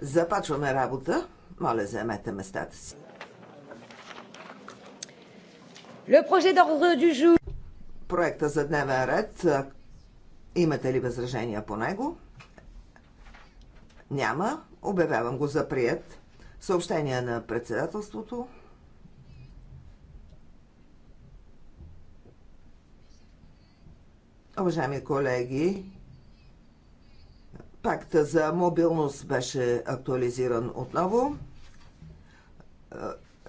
Започваме работа. Моля, заемете местата си. Проекта за дневен ред. Имате ли възражения по него? Няма. Обявявам го за прият. Съобщение на председателството. Уважаеми колеги, Пакта за мобилност беше актуализиран отново.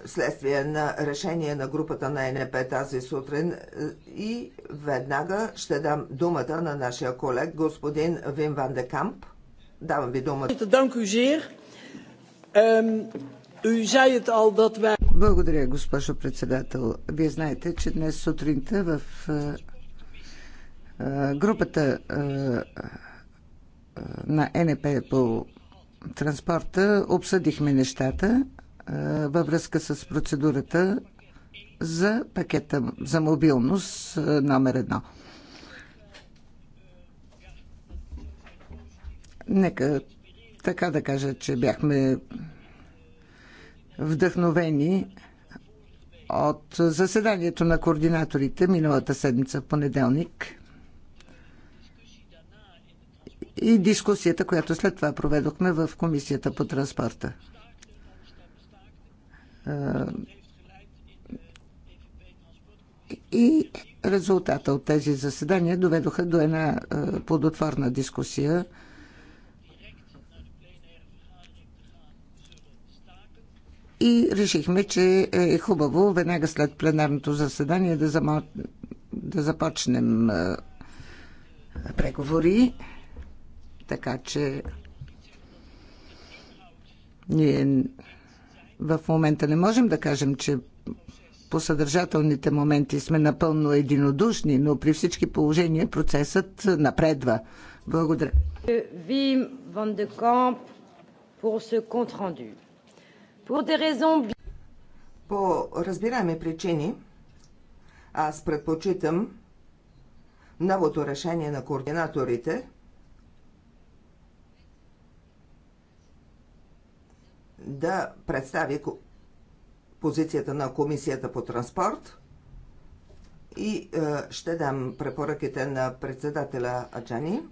Следствие на решение на групата на НП тази сутрин и веднага ще дам думата на нашия колег, господин Вин Ван де Камп. Давам ви думата. Благодаря, госпожо председател. Вие знаете, че днес сутринта в е, е, групата е, на НП по транспорта обсъдихме нещата във връзка с процедурата за пакета за мобилност номер едно. Нека така да кажа, че бяхме вдъхновени от заседанието на координаторите миналата седмица в понеделник – и дискусията, която след това проведохме в Комисията по транспорта. И резултата от тези заседания доведоха до една плодотворна дискусия. И решихме, че е хубаво веднага след пленарното заседание да, замо... да започнем преговори така че ние в момента не можем да кажем, че по съдържателните моменти сме напълно единодушни, но при всички положения процесът напредва. Благодаря. Вим Ван де Камп по се контранду. По разбираеми причини, аз предпочитам новото решение на координаторите – да представи позицията на Комисията по транспорт и е, ще дам препоръките на председателя Аджани.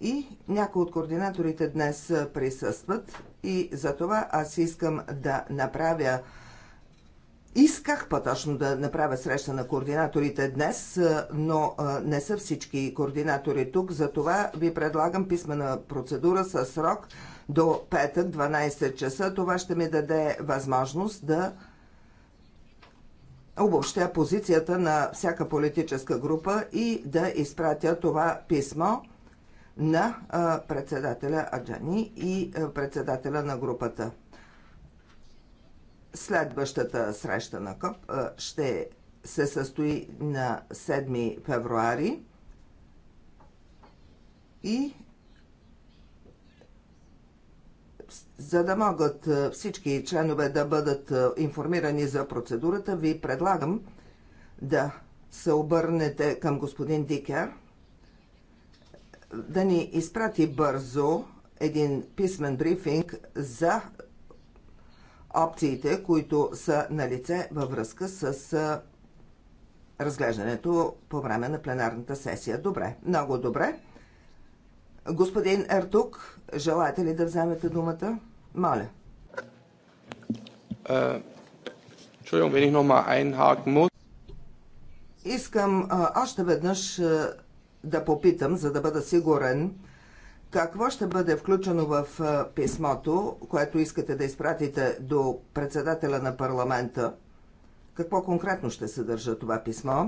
И някои от координаторите днес е, присъстват и за това аз искам да направя Исках по-точно да направя среща на координаторите днес, е, но не са всички координатори тук, затова ви предлагам писмена процедура с срок до петък, 12 часа. Това ще ми даде възможност да обобщя позицията на всяка политическа група и да изпратя това писмо на председателя Аджани и председателя на групата. Следващата среща на КОП ще се състои на 7 февруари и за да могат е, всички членове да бъдат е, информирани за процедурата, ви предлагам да се обърнете към господин Дикер, да ни изпрати бързо един писмен брифинг за опциите, които са на лице във връзка с е, разглеждането по време на пленарната сесия. Добре, много добре. Господин Ертук, желаете ли да вземете думата? Моля. Е, Искам още веднъж да попитам, за да бъда сигурен, какво ще бъде включено в писмото, което искате да изпратите до председателя на парламента? Какво конкретно ще съдържа това писмо?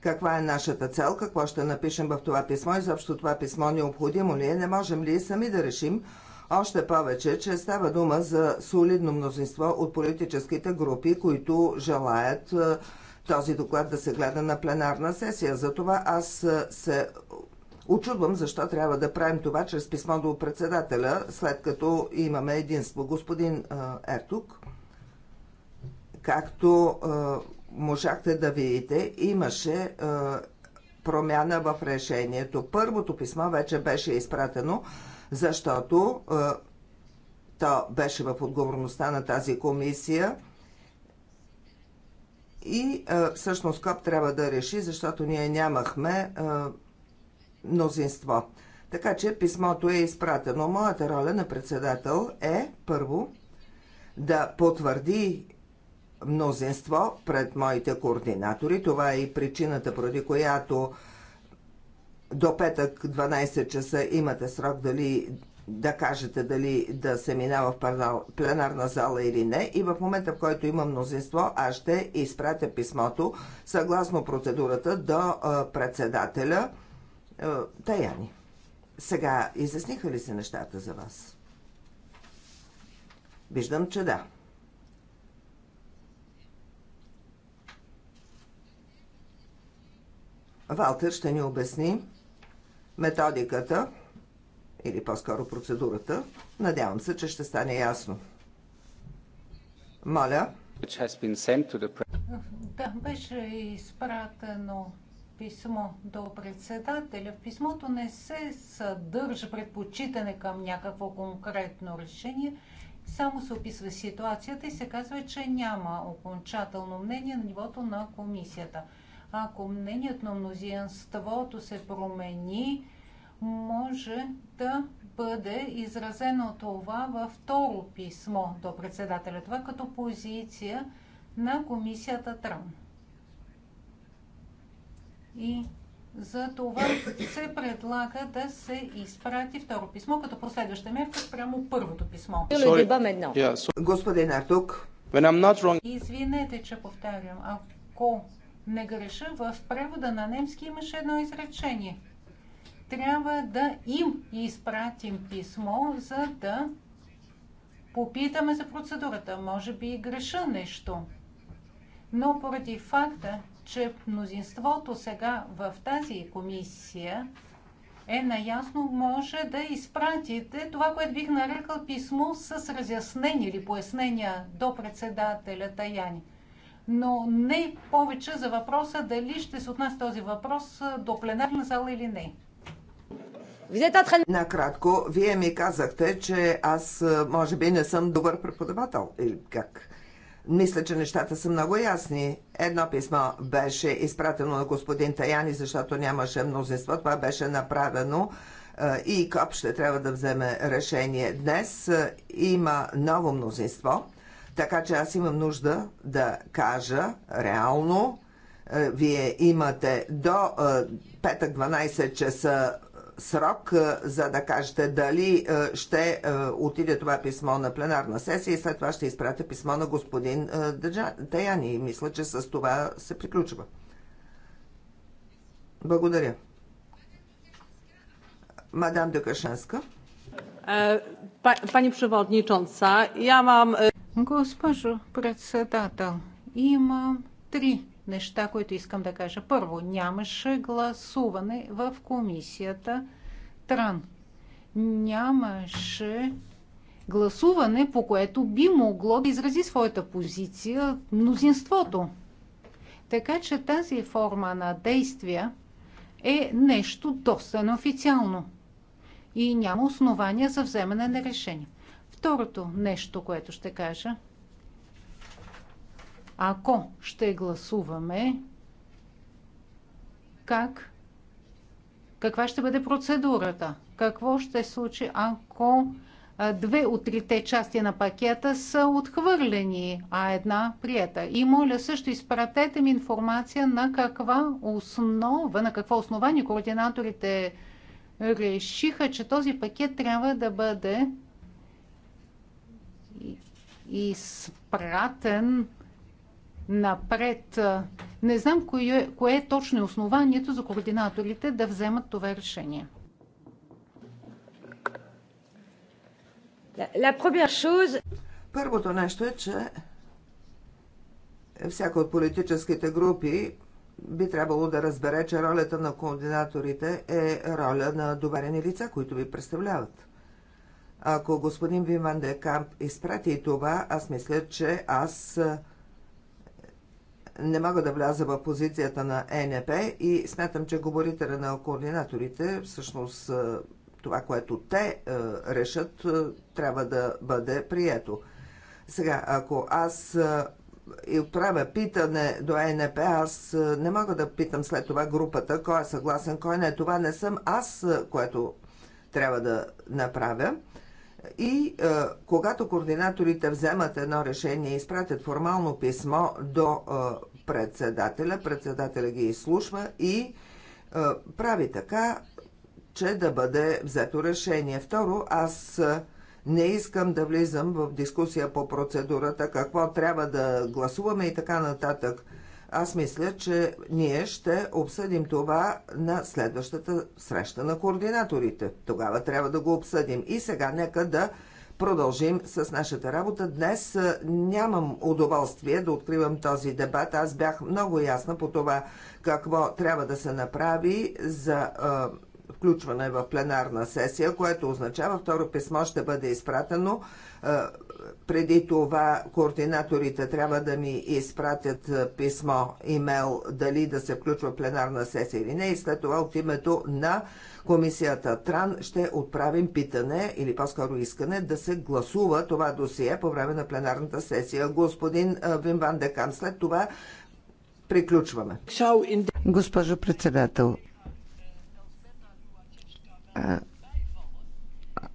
каква е нашата цел, какво ще напишем в това писмо, изобщо това писмо необходимо ли е, не можем ли сами да решим, още повече, че става дума за солидно мнозинство от политическите групи, които желаят е, този доклад да се гледа на пленарна сесия. Затова аз е, се очудвам защо трябва да правим това чрез писмо до председателя, след като имаме единство. Господин е, Ертук, както можахте да видите, имаше промяна в решението. Първото писмо вече беше изпратено, защото то беше в отговорността на тази комисия и всъщност КОП трябва да реши, защото ние нямахме мнозинство. Така че писмото е изпратено. Моята роля на председател е първо да потвърди мнозинство пред моите координатори. Това е и причината, поради която до петък 12 часа имате срок дали да кажете дали да се минава в пленарна зала или не. И в момента, в който има мнозинство, аз ще изпратя писмото съгласно процедурата до председателя Таяни. Сега, изясниха ли се нещата за вас? Виждам, че да. Валтер ще ни обясни методиката или по-скоро процедурата. Надявам се, че ще стане ясно. Моля. Да, беше изпратено писмо до председателя. В писмото не се съдържа предпочитане към някакво конкретно решение, само се описва ситуацията и се казва, че няма окончателно мнение на нивото на комисията ако мнението на мнозинството се промени, може да бъде изразено това във второ писмо до председателя. Това е като позиция на комисията Трам. И за това се предлага да се изпрати второ писмо, като последваща мерка спрямо първото писмо. Господин Артук. Извинете, че повтарям. Ако не греша, в превода на немски имаше едно изречение. Трябва да им изпратим писмо, за да попитаме за процедурата. Може би и греша нещо. Но поради факта, че мнозинството сега в тази комисия е наясно, може да изпратите това, което бих нарекал писмо с разяснение или пояснения до председателя Таяни но не повече за въпроса дали ще се отнася този въпрос до пленарна зала или не. Накратко, вие ми казахте, че аз може би не съм добър преподавател или как? Мисля, че нещата са много ясни. Едно писмо беше изпратено на господин Таяни, защото нямаше мнозинство. Това беше направено и КОП ще трябва да вземе решение днес. Има ново мнозинство. Така че аз имам нужда да кажа реално, е, вие имате до е, петък 12 часа е, срок, за да кажете дали ще отиде това писмо на пленарна сесия и след това ще изпратя писмо на господин Таяни. Мисля, че с това се приключва. Благодаря. Мадам Дюкашенска. Пани Przewodnicząca, ja mam... Госпожо председател, имам три неща, които искам да кажа. Първо, нямаше гласуване в комисията Тран. Нямаше гласуване, по което би могло да изрази своята позиция мнозинството. Така че тази форма на действия е нещо доста неофициално и няма основания за вземане на решение. Второто нещо, което ще кажа, ако ще гласуваме, как? Каква ще бъде процедурата? Какво ще случи, ако две от трите части на пакета са отхвърлени, а една приета? И моля също изпратете ми информация на каква основа, на какво основание координаторите решиха, че този пакет трябва да бъде изпратен напред. Не знам кое, кое е точно е основанието за координаторите да вземат това решение. Първото нещо е, че всяка от политическите групи би трябвало да разбере, че ролята на координаторите е роля на доверени лица, които ви представляват. Ако господин Виман де Камп изпрати това, аз мисля, че аз не мога да вляза в позицията на ЕНП и смятам, че говорителя на координаторите, всъщност това, което те решат, трябва да бъде прието. Сега, ако аз и отправя питане до ЕНП, аз не мога да питам след това групата, кой е съгласен, кой не. Това не съм аз, което трябва да направя. И е, когато координаторите вземат едно решение и изпратят формално писмо до е, председателя, председателя ги изслушва и е, прави така, че да бъде взето решение. Второ, аз е, не искам да влизам в дискусия по процедурата, какво трябва да гласуваме и така нататък. Аз мисля, че ние ще обсъдим това на следващата среща на координаторите. Тогава трябва да го обсъдим. И сега нека да продължим с нашата работа. Днес нямам удоволствие да откривам този дебат. Аз бях много ясна по това какво трябва да се направи за включване в пленарна сесия, което означава второ писмо ще бъде изпратено преди това координаторите трябва да ми изпратят е, писмо, имейл, дали да се включва пленарна сесия или не. И след това от името на комисията Тран ще отправим питане или по-скоро искане да се гласува това досие по време на пленарната сесия. Господин е, Вимван Ван след това приключваме. Госпожо председател,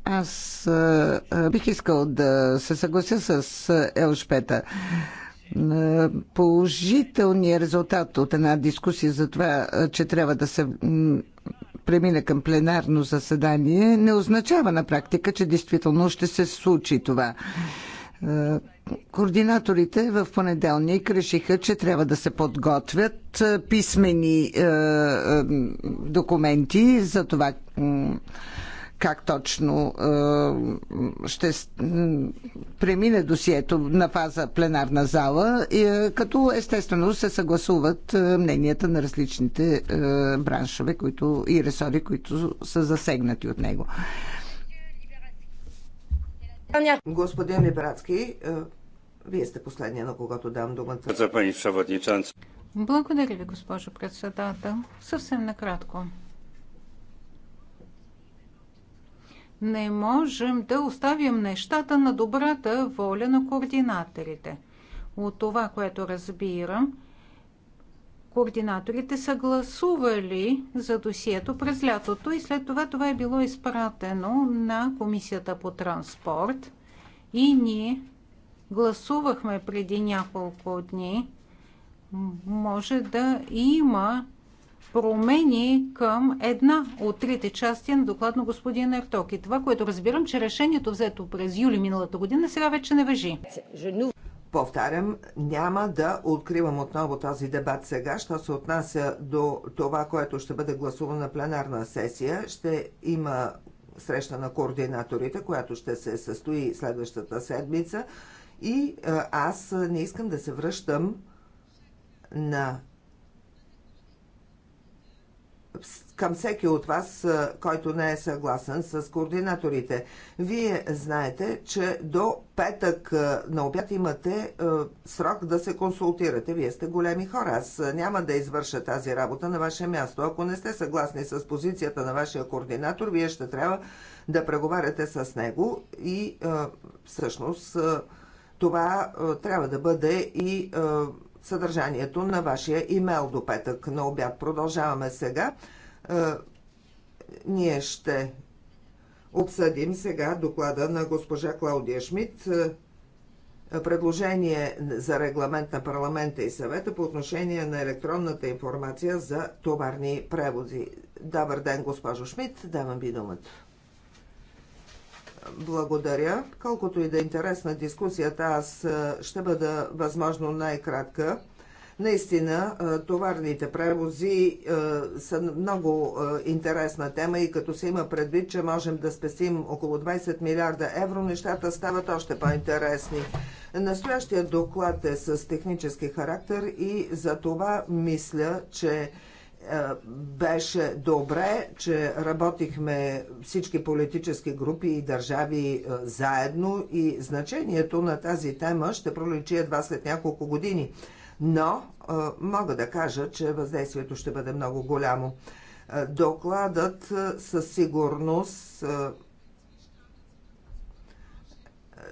аз бих искал да се съглася с Елшпета положителният резултат от една дискусия за това, че трябва да се премине към пленарно заседание, не означава на практика, че действително ще се случи това. Координаторите в понеделник решиха, че трябва да се подготвят писмени документи за това как точно ще премине досието на фаза пленарна зала, като естествено се съгласуват мненията на различните браншове които, и ресори, които са засегнати от него. Господин е, вие сте последния, на когато дам думата. Благодаря ви, госпожо председател. Съвсем накратко. не можем да оставим нещата на добрата воля на координаторите. От това, което разбирам, координаторите са гласували за досието през лятото и след това това е било изпратено на Комисията по транспорт и ние гласувахме преди няколко дни. Може да има промени към една от трите части на доклад на господин Ерток. И това, което разбирам, че решението взето през юли миналата година сега вече не въжи. Повтарям, няма да откривам отново този дебат сега, що се отнася до това, което ще бъде гласувано на пленарна сесия. Ще има среща на координаторите, която ще се състои следващата седмица. И аз не искам да се връщам на към всеки от вас, който не е съгласен с координаторите. Вие знаете, че до петък на обяд имате срок да се консултирате. Вие сте големи хора. Аз няма да извърша тази работа на ваше място. Ако не сте съгласни с позицията на вашия координатор, вие ще трябва да преговаряте с него и всъщност това трябва да бъде и съдържанието на вашия имейл до петък на обяд. Продължаваме сега. Е, ние ще обсъдим сега доклада на госпожа Клаудия Шмидт е, предложение за регламент на парламента и съвета по отношение на електронната информация за товарни превози. Добър ден, госпожо Шмидт, давам ви думата. Благодаря. Колкото и да е интересна дискусията, аз ще бъда възможно най-кратка. Наистина, товарните превози са много интересна тема и като се има предвид, че можем да спестим около 20 милиарда евро, нещата стават още по-интересни. Настоящия доклад е с технически характер и за това мисля, че е, беше добре, че работихме всички политически групи и държави е, заедно и значението на тази тема ще проличи едва след няколко години. Но е, мога да кажа, че въздействието ще бъде много голямо. Докладът със сигурност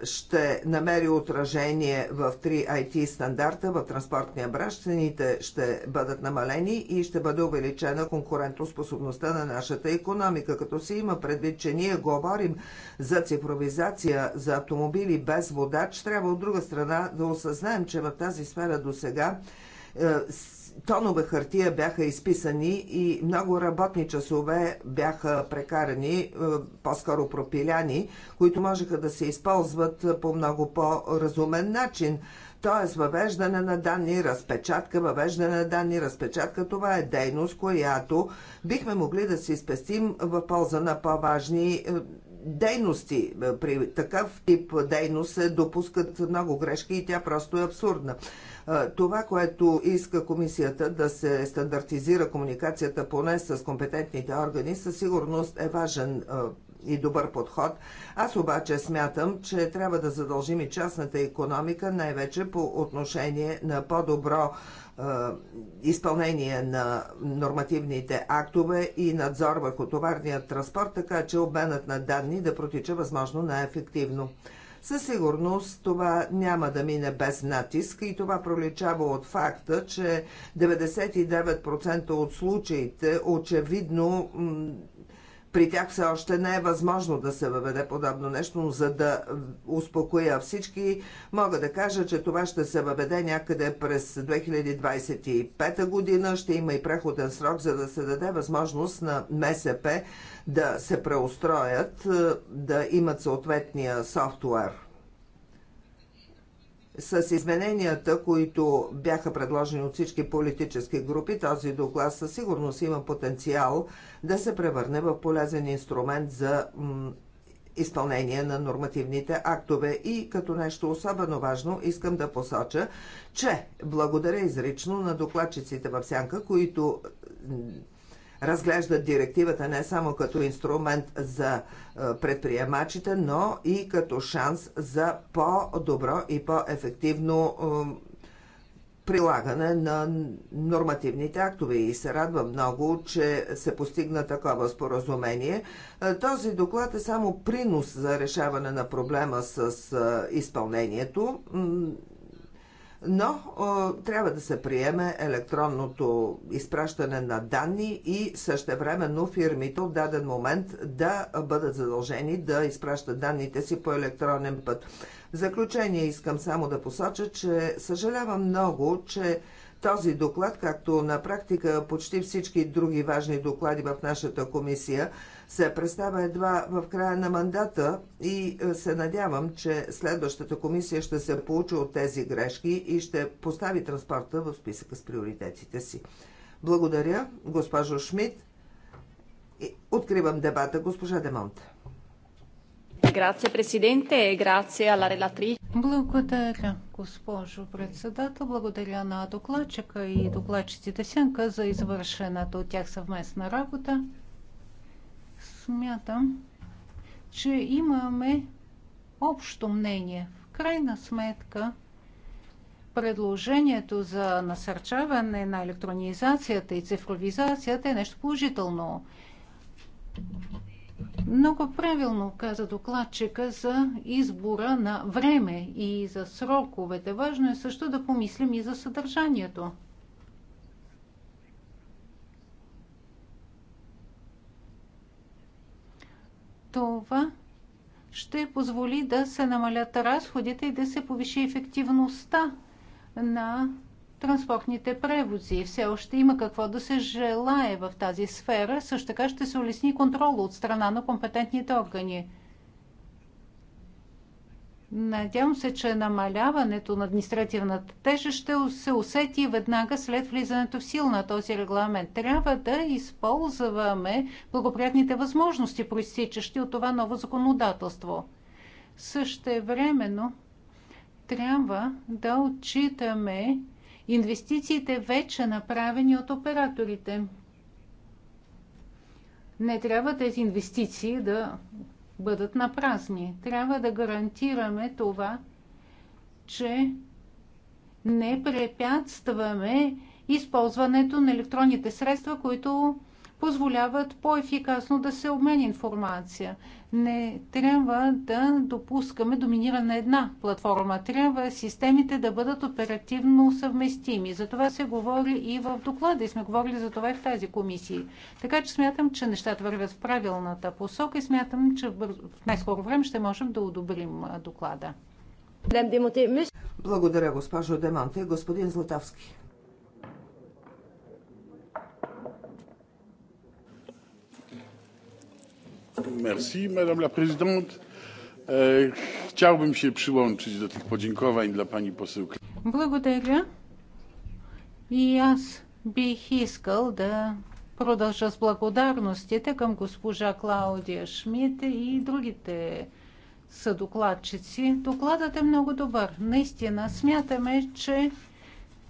ще намери отражение в 3 IT стандарта в транспортния бранш. Цените ще бъдат намалени и ще бъде увеличена конкурентоспособността на нашата економика, като се има предвид, че ние говорим за цифровизация, за автомобили без водач, трябва от друга страна да осъзнаем, че в тази сфера до сега е, тонове хартия бяха изписани и много работни часове бяха прекарани, е, по-скоро пропиляни, които можеха да се използват по много по-разумен начин т.е. въвеждане на данни, разпечатка, въвеждане на данни, разпечатка. Това е дейност, която бихме могли да си спестим в полза на по-важни е, дейности. При такъв тип дейност се допускат много грешки и тя просто е абсурдна. Това, което иска комисията да се стандартизира комуникацията поне с компетентните органи, със сигурност е важен и добър подход. Аз обаче смятам, че трябва да задължим и частната економика, най-вече по отношение на по-добро изпълнение на нормативните актове и надзор върху товарния транспорт, така че обменът на данни да протича възможно най-ефективно. Със сигурност това няма да мине без натиск и това проличава от факта, че 99% от случаите очевидно при тях все още не е възможно да се въведе подобно нещо, но за да успокоя всички, мога да кажа, че това ще се въведе някъде през 2025 година. Ще има и преходен срок, за да се даде възможност на МСП да се преустроят, да имат съответния софтуер с измененията, които бяха предложени от всички политически групи, този доклад със сигурност има потенциал да се превърне в полезен инструмент за изпълнение на нормативните актове. И като нещо особено важно искам да посоча, че благодаря изрично на докладчиците в Сянка, които разглеждат директивата не само като инструмент за е, предприемачите, но и като шанс за по-добро и по-ефективно е, прилагане на нормативните актове и се радва много, че се постигна такова споразумение. Е, този доклад е само принос за решаване на проблема с изпълнението но е, трябва да се приеме електронното изпращане на данни и същевременно фирмите в даден момент да бъдат задължени да изпращат данните си по електронен път. В заключение искам само да посоча, че съжалявам много, че този доклад, както на практика почти всички други важни доклади в нашата комисия, се представя едва в края на мандата и е, се надявам, че следващата комисия ще се получи от тези грешки и ще постави транспорта в списъка с приоритетите си. Благодаря, госпожо Шмидт. Откривам дебата. Госпожа Демонт. Благодаря, госпожо председател. Благодаря на докладчика и докладчиците Сянка за извършената от тях съвместна работа смятам, че имаме общо мнение. В крайна сметка, предложението за насърчаване на електронизацията и цифровизацията е нещо положително. Много правилно каза докладчика за избора на време и за сроковете. Важно е също да помислим и за съдържанието. Това ще позволи да се намалят разходите и да се повиши ефективността на транспортните превози. Все още има какво да се желае в тази сфера. Също така ще се улесни контрол от страна на компетентните органи. Надявам се, че намаляването на административната тежест ще се усети веднага след влизането в сил на този регламент. Трябва да използваме благоприятните възможности, проистичащи от това ново законодателство. времено трябва да отчитаме инвестициите вече направени от операторите. Не трябва тези инвестиции да бъдат на празни. Трябва да гарантираме това, че не препятстваме използването на електронните средства, които позволяват по-ефикасно да се обмени информация. Не трябва да допускаме доминиране на една платформа. Трябва системите да бъдат оперативно съвместими. За това се говори и в доклада и сме говорили за това и в тази комисия. Така че смятам, че нещата вървят в правилната посока и смятам, че в най-скоро време ще можем да одобрим доклада. Благодаря, госпожо Демонте. Господин Златавски. Merci, Madame la présidente. Euh, chciałbym się przyłączyć do tych podziękowań dla pani poseł. Благодаря. И аз бих искал да продължа с благодарностите към госпожа Клаудия Шмидт и другите съдокладчици. Докладът е много добър. Наистина смятаме, че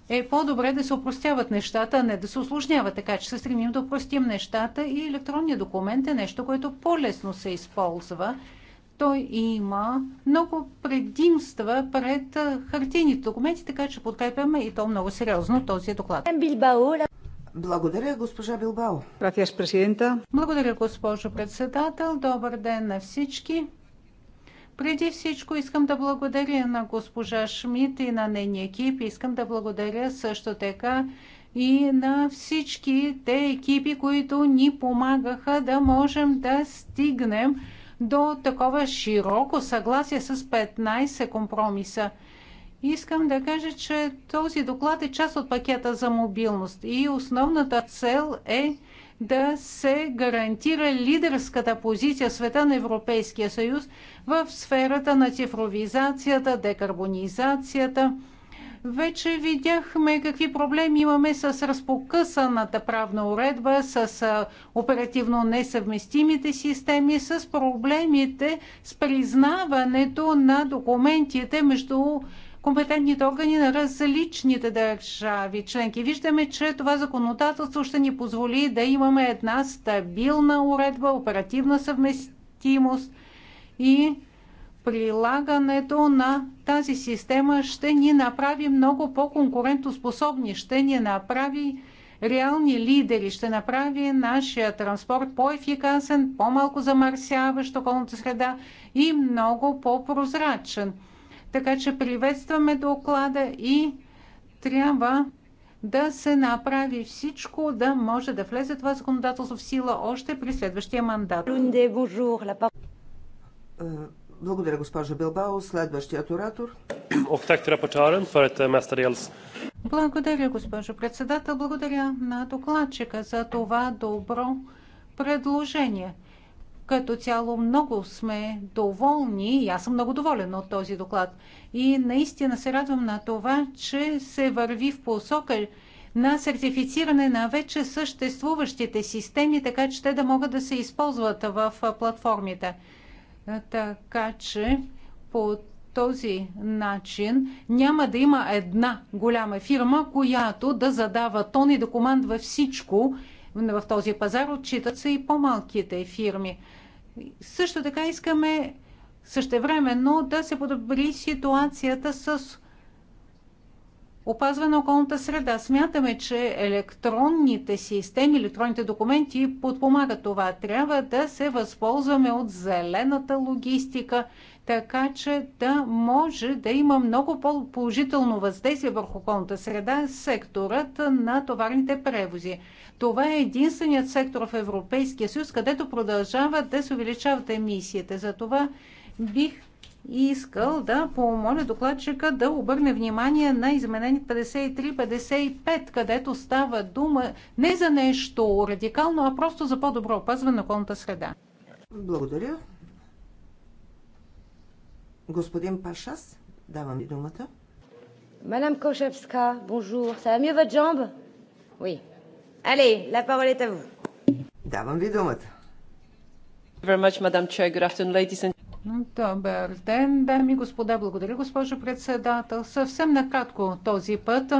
е по-добре да се упростяват нещата, а не да се осложняват. Така че се стремим да упростим нещата и електронният документ е нещо, което по-лесно се използва. Той има много предимства пред хартийните документи, така че подкрепяме и то много сериозно този доклад. Благодаря, госпожа Билбао. Благодаря, госпожо председател. Добър ден на всички. Преди всичко искам да благодаря на госпожа Шмидт и на нейния екип. Искам да благодаря също така и на всички те екипи, които ни помагаха да можем да стигнем до такова широко съгласие с 15 компромиса. Искам да кажа, че този доклад е част от пакета за мобилност и основната цел е да се гарантира лидерската позиция в света на Европейския съюз в сферата на цифровизацията, декарбонизацията. Вече видяхме какви проблеми имаме с разпокъсаната правна уредба, с оперативно несъвместимите системи, с проблемите с признаването на документите между компетентните органи на различните държави членки. Виждаме, че това законодателство ще ни позволи да имаме една стабилна уредба, оперативна съвместимост и прилагането на тази система ще ни направи много по-конкурентоспособни, ще ни направи реални лидери, ще направи нашия транспорт по-ефикасен, по-малко замърсяващ околната среда и много по-прозрачен. Така че приветстваме доклада и трябва да се направи всичко да може да влезе това законодателство в сила още при следващия мандат. Е, благодаря, госпожа Билбао. Следващият оратор. Eh, благодаря, госпожо председател. Благодаря на докладчика за това добро предложение. Като цяло много сме доволни и аз съм много доволен от този доклад. И наистина се радвам на това, че се върви в посока на сертифициране на вече съществуващите системи, така че те да могат да се използват в платформите. Така че по този начин няма да има една голяма фирма, която да задава тон и да командва всичко в този пазар, отчитат се и по-малките фирми. Също така искаме същевременно да се подобри ситуацията с опазване на околната среда. Смятаме, че електронните системи, електронните документи подпомагат това. Трябва да се възползваме от зелената логистика – така че да може да има много по-положително въздействие върху околната среда секторът на товарните превози. Това е единственият сектор в Европейския съюз, където продължават да се увеличават емисиите. Затова бих искал да помоля докладчика да обърне внимание на изменени 53-55, където става дума не за нещо радикално, а просто за по-добро опазване на околната среда. Благодаря. Господин Пашас, давам ви думата. Мадам Кошевска, бонжур. Са ми ва джамб? Уи. Allez, ла parole est à Давам ви думата. Very much, Madam Chair. Good afternoon, ladies and Добър ден, дами и господа. Благодаря, госпожо председател. Съвсем накратко този път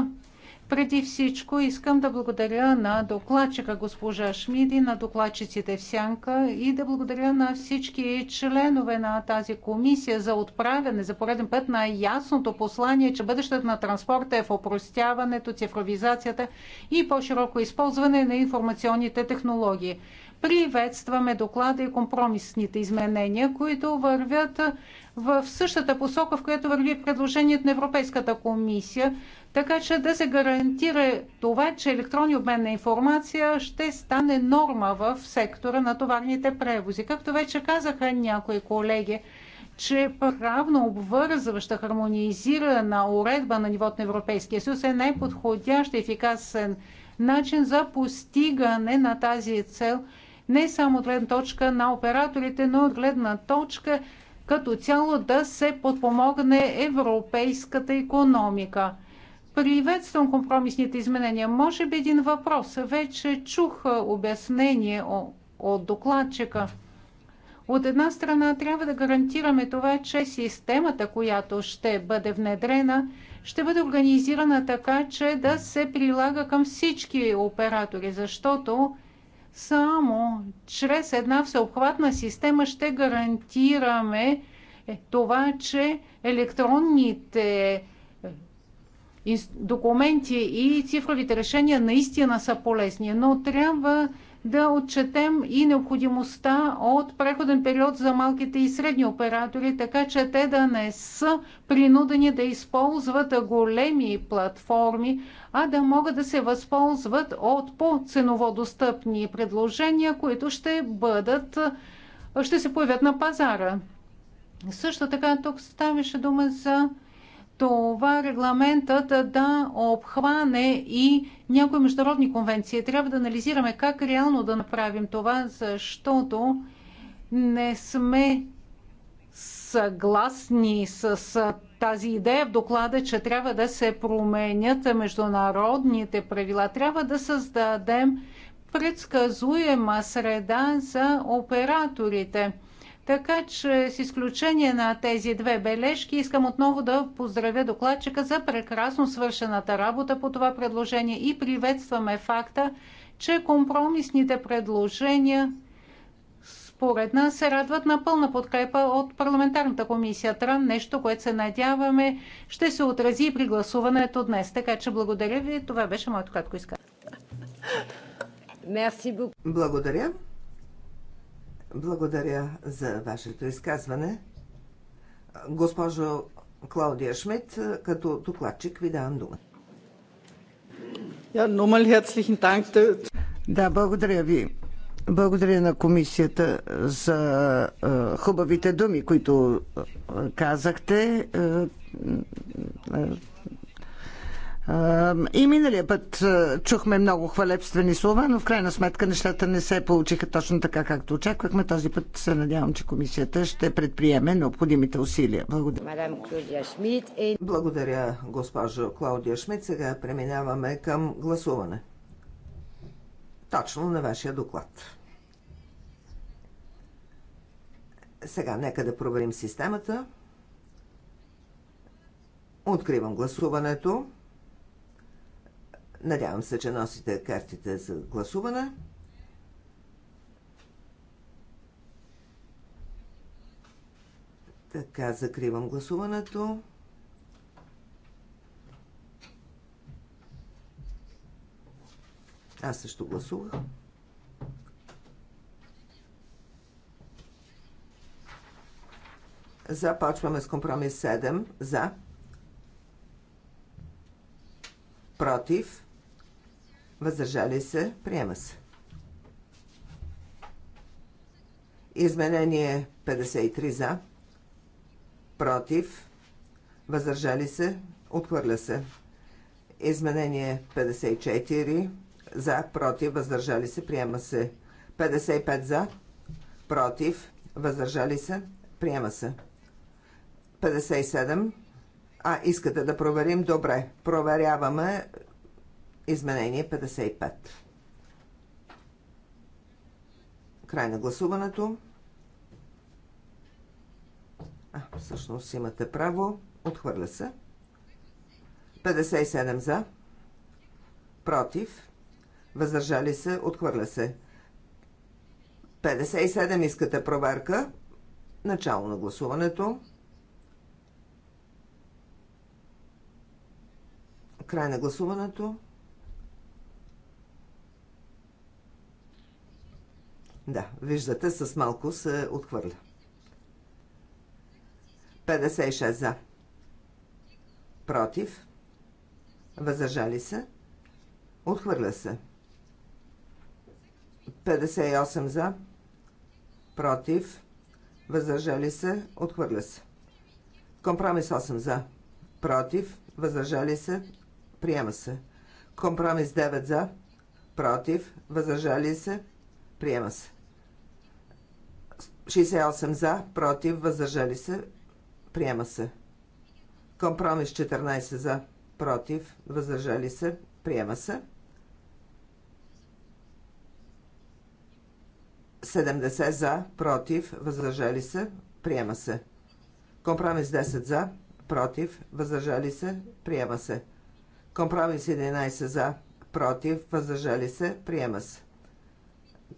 преди всичко искам да благодаря на докладчика госпожа Шмиди, на докладчиците в Сянка и да благодаря на всички членове на тази комисия за отправяне за пореден път на ясното послание, че бъдещето на транспорта е в опростяването, цифровизацията и по-широко използване на информационните технологии. Приветстваме доклада и компромисните изменения, които вървят в същата посока, в която върви предложението на Европейската комисия, така че да се гарантира това, че електронни обмен на информация ще стане норма в сектора на товарните превози. Както вече казаха някои колеги, че правно обвързваща хармонизирана уредба на нивото на Европейския съюз е най-подходящ ефикасен начин за постигане на тази цел – не само от гледна точка на операторите, но от гледна точка като цяло да се подпомогне европейската економика. Приветствам компромисните изменения. Може би един въпрос. Вече чух обяснение от докладчика. От една страна трябва да гарантираме това, че системата, която ще бъде внедрена, ще бъде организирана така, че да се прилага към всички оператори, защото само чрез една всеобхватна система ще гарантираме е, това, че електронните е, документи и цифровите решения наистина са полезни, но трябва да отчетем и необходимостта от преходен период за малките и средни оператори, така че те да не са принудени да използват големи платформи, а да могат да се възползват от по-ценово достъпни предложения, които ще бъдат ще се появят на пазара. Също така тук ставаше дума за това регламентът да обхване и някои международни конвенции. Трябва да анализираме как реално да направим това, защото не сме съгласни с тази идея в доклада, че трябва да се променят международните правила. Трябва да създадем предсказуема среда за операторите – така че с изключение на тези две бележки искам отново да поздравя докладчика за прекрасно свършената работа по това предложение и приветстваме факта, че компромисните предложения според нас се радват на пълна подкрепа от парламентарната комисия Тран, нещо, което се надяваме ще се отрази и при гласуването днес. Така че благодаря ви. Това беше моето кратко изказване. Благодаря. Благодаря за вашето изказване. Госпожо Клаудия Шмидт, като докладчик ви давам дума. Да, благодаря ви. Благодаря на комисията за е, хубавите думи, които е, казахте. Е, и миналия път чухме много хвалебствени слова, но в крайна сметка нещата не се получиха точно така, както очаквахме. Този път се надявам, че комисията ще предприеме необходимите усилия. Благодаря. Е- Благодаря, госпожо Клаудия Шмидт. Сега преминаваме към гласуване. Точно на вашия доклад. Сега нека да проверим системата. Откривам гласуването. Надявам се, че носите картите за гласуване. Така, закривам гласуването. Аз също гласувах. Започваме с компромис 7. За. Против. Въздържали се. Приема се. Изменение 53 за. Против. Въздържали се. Отхвърля се. Изменение 54 за. Против. Въздържали се. Приема се. 55 за. Против. Въздържали се. Приема се. 57. А, искате да проверим? Добре. Проверяваме Изменение 55. Край на гласуването. А, всъщност имате право. Отхвърля се. 57 за. Против. Въздържали се. Отхвърля се. 57 искате проверка. Начало на гласуването. Край на гласуването. Да, виждате, с малко се отхвърля. 56 за. Против. Въздържали се. Отхвърля се. 58 за. Против. Въздържали се. Отхвърля се. Компромис 8 за. Против. Въздържали се. Приема се. Компромис 9 за. Против. Въздържали се. Приема се. 68 за, против, въздържали се, приема се. Компромис 14 за, против, въздържали се, приема се. 70 за, против, въздържали се, приема се. Компромис 10 за, против, въздържали се, приема се. Компромис 11 за, против, въздържали се, приема се.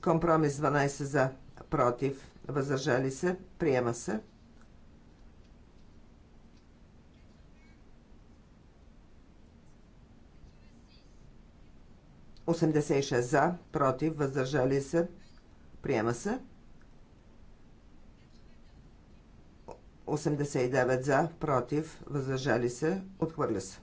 Компромис 12 за, против, въздържали се, приема се. Осемдесет и шест за, против, въздържали се, приема се. 89 за, против, въздържали се, отхвърля се.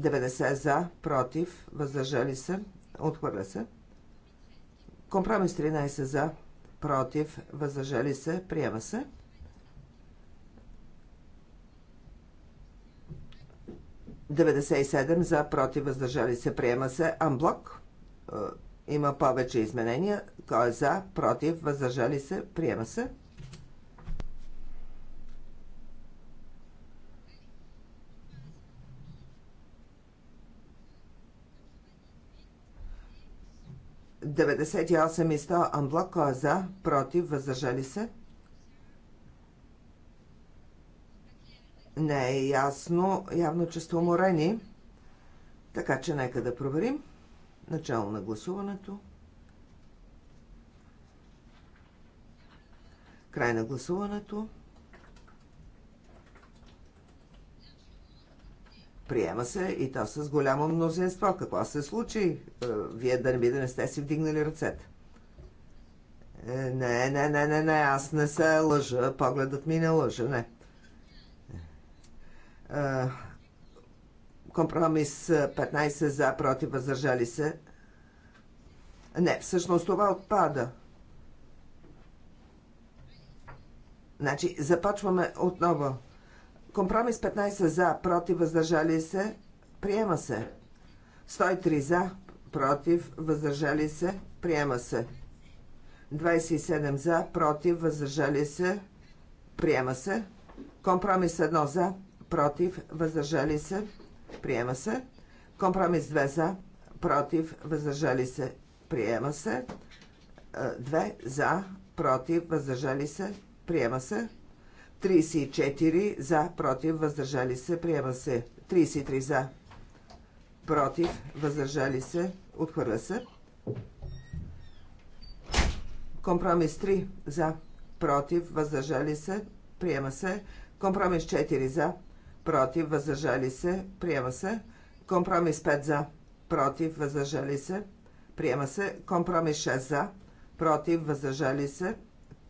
90 за, против, въздържали се, отхвърля се. Компромис 13 за, против, въздържали се, приема се. за, против, въздържали се, приема се. Амблок. Е, има повече изменения. Кой е за, против, въздържали се, приема се. 98 и 100 анблок, кой е за, против, въздържали се? Не е ясно, явно че сте уморени. Така че нека да проверим. Начало на гласуването. Край на гласуването. Приема се и то с голямо мнозинство. Какво се случи? Вие да не би да не сте си вдигнали ръцете. Не, не, не, не, не, аз не се лъжа. Погледът ми не лъжа, не. Компромис 15 за, против, въздържали се. Не, всъщност това отпада. Значи, започваме отново. Компромис 15 за, против, въздържали се, приема се. 103 за, против, въздържали се, приема се. 27 за, против, въздържали се, приема се. Компромис 1 за, против, въздържали се, приема се. Компромис 2 за, против, въздържали се, приема се. 2 е, за, против, въздържали се, приема се. 34 за, против, въздържали се, приема се. 33 за, против, въздържали се, отхвърля се. Компромис 3 за, против, въздържали се, приема се. Компромис 4 за, против, въздържали се, приема се. Компромис 5 за, против, въздържали се, приема се. Компромис 6 за, против, въздържали се,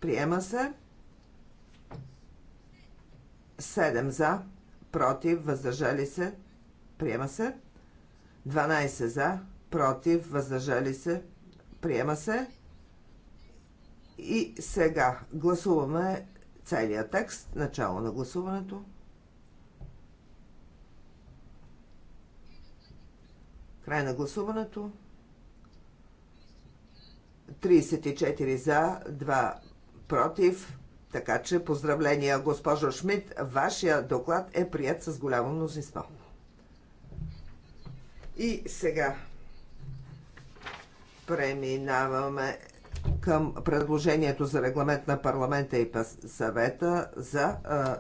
приема се. 7 за, против, въздържали се, приема се. 12 за, против, въздържали се, приема се. И сега гласуваме целият текст, начало на гласуването. Край на гласуването. 34 за, 2 против, така че поздравления, госпожо Шмидт. Вашия доклад е прият с голямо мнозинство. И сега преминаваме към предложението за регламент на парламента и съвета за а,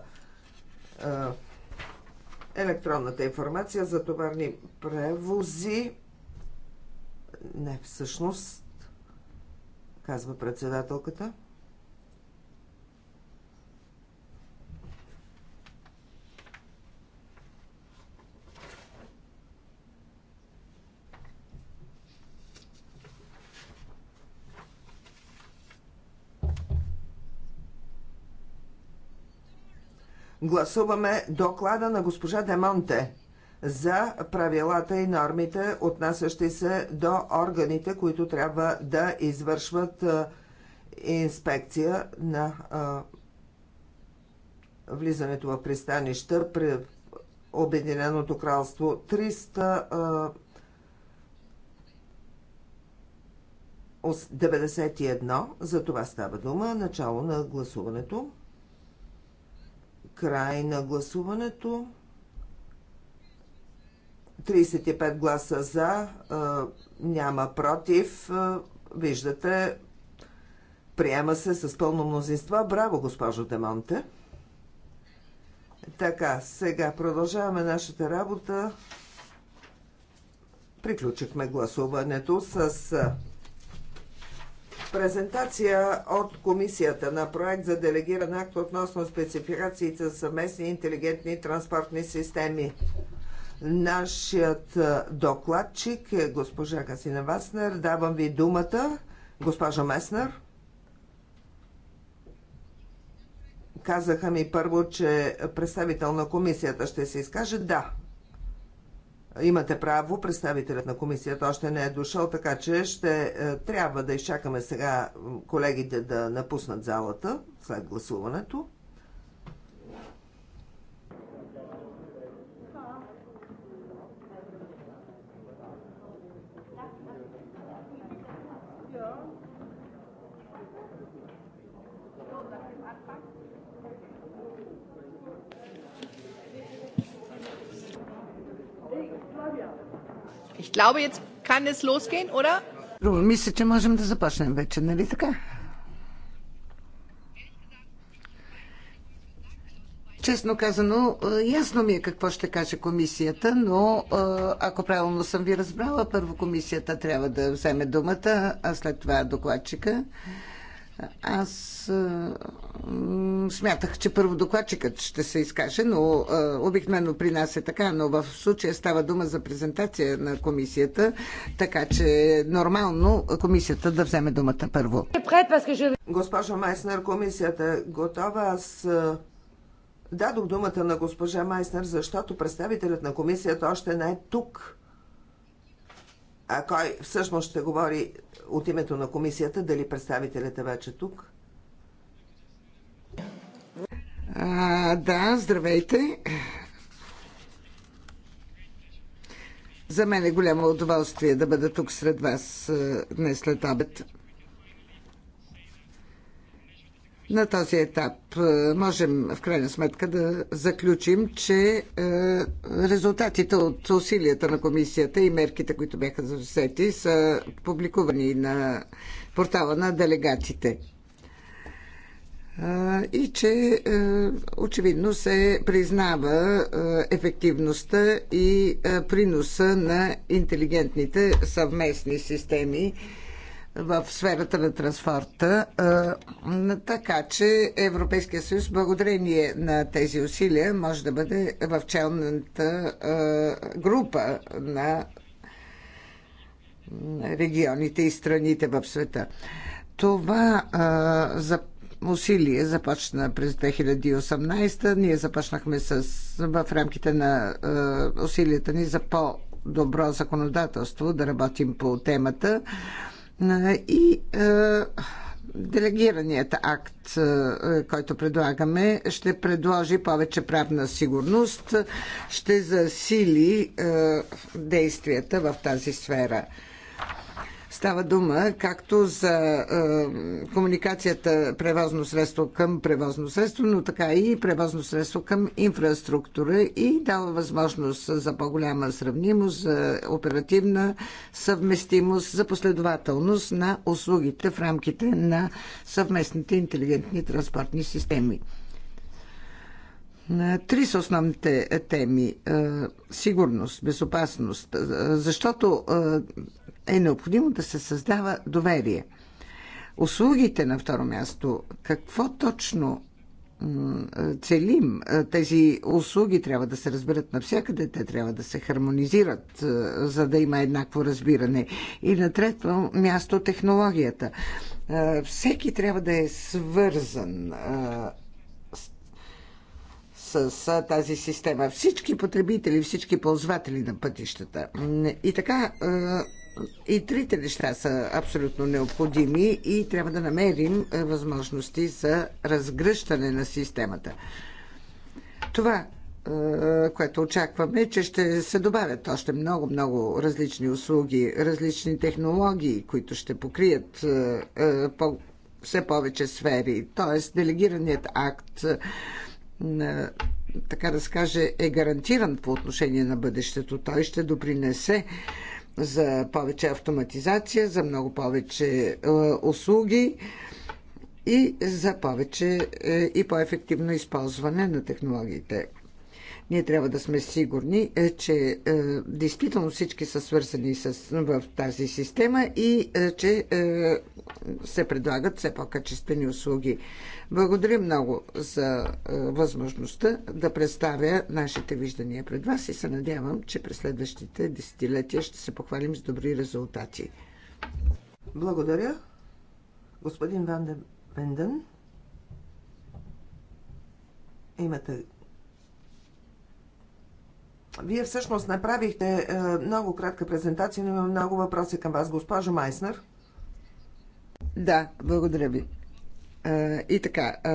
а, електронната информация за товарни превози. Не, всъщност, казва председателката. Гласуваме доклада на госпожа Демонте за правилата и нормите, отнасящи се до органите, които трябва да извършват инспекция на влизането в пристанища при Обединеното кралство. 391, за това става дума, начало на гласуването. Край на гласуването. 35 гласа за, няма против. Виждате, приема се с пълно мнозинство. Браво, госпожо Демонте! Така, сега продължаваме нашата работа. Приключихме гласуването с презентация от комисията на проект за делегиран акт относно спецификациите за съвместни интелигентни транспортни системи. Нашият докладчик е госпожа Касина Васнер. Давам ви думата. Госпожа Меснер. Казаха ми първо, че представител на комисията ще се изкаже. Да, Имате право, представителят на комисията още не е дошъл, така че ще е, трябва да изчакаме сега колегите да напуснат залата след гласуването. glaube, jetzt kann es losgehen, oder? Мисля, че можем да започнем вече, нали така? Честно казано, е, ясно ми е какво ще каже комисията, но е, ако правилно съм ви разбрала, първо комисията трябва да вземе думата, а след това докладчика. Аз а, смятах, че първо докладчикът ще се изкаже, но а, обикновено при нас е така, но в случая става дума за презентация на комисията, така че нормално комисията да вземе думата първо. Госпожо Майснер, комисията е готова. Аз дадох думата на госпожа Майснер, защото представителят на комисията още не е тук. А кой всъщност ще говори от името на комисията, дали представителят е вече тук? А, да, здравейте. За мен е голямо удоволствие да бъда тук сред вас днес след обед. На този етап е, можем в крайна сметка да заключим, че е, резултатите от усилията на комисията и мерките, които бяха засети, са публикувани на портала на делегатите е, и че очевидно се признава ефективността и приноса на интелигентните съвместни системи в сферата на транспорта. Така че Европейския съюз, благодарение на тези усилия, може да бъде в челната група на регионите и страните в света. Това за усилие започна през 2018. Ние започнахме с, в рамките на усилията ни за по добро законодателство, да работим по темата. И делегираният акт, който предлагаме, ще предложи повече правна сигурност, ще засили действията в тази сфера. Става дума както за е, комуникацията превозно средство към превозно средство, но така и превозно средство към инфраструктура и дава възможност за по-голяма сравнимост, за оперативна съвместимост, за последователност на услугите в рамките на съвместните интелигентни транспортни системи. Е, три са основните теми. Е, сигурност, безопасност. Е, защото е необходимо да се създава доверие. Услугите на второ място. Какво точно е, целим. Е, тези услуги трябва да се разберат навсякъде, те трябва да се хармонизират, е, за да има еднакво разбиране. И на трето място технологията. Всеки трябва да е свързан с тази система. Всички потребители, всички ползватели на пътищата. И така и трите неща са абсолютно необходими и трябва да намерим е, възможности за разгръщане на системата. Това, е, което очакваме, е, че ще се добавят още много-много различни услуги, различни технологии, които ще покрият е, по все повече сфери. Тоест, делегираният акт така да се каже, е гарантиран по отношение на бъдещето. Той ще допринесе за повече автоматизация, за много повече е, услуги и за повече е, и по-ефективно използване на технологиите. Ние трябва да сме сигурни, е, че е, действително всички са свързани с, в тази система и е, че се предлагат все по-качествени услуги. Благодаря много за възможността да представя нашите виждания пред вас и се надявам, че през следващите десетилетия ще се похвалим с добри резултати. Благодаря. Господин Ван Бенден, имате вие всъщност направихте е, много кратка презентация, но имам много въпроси към вас, госпожо Майснер. Да, благодаря ви. Е, и така, е,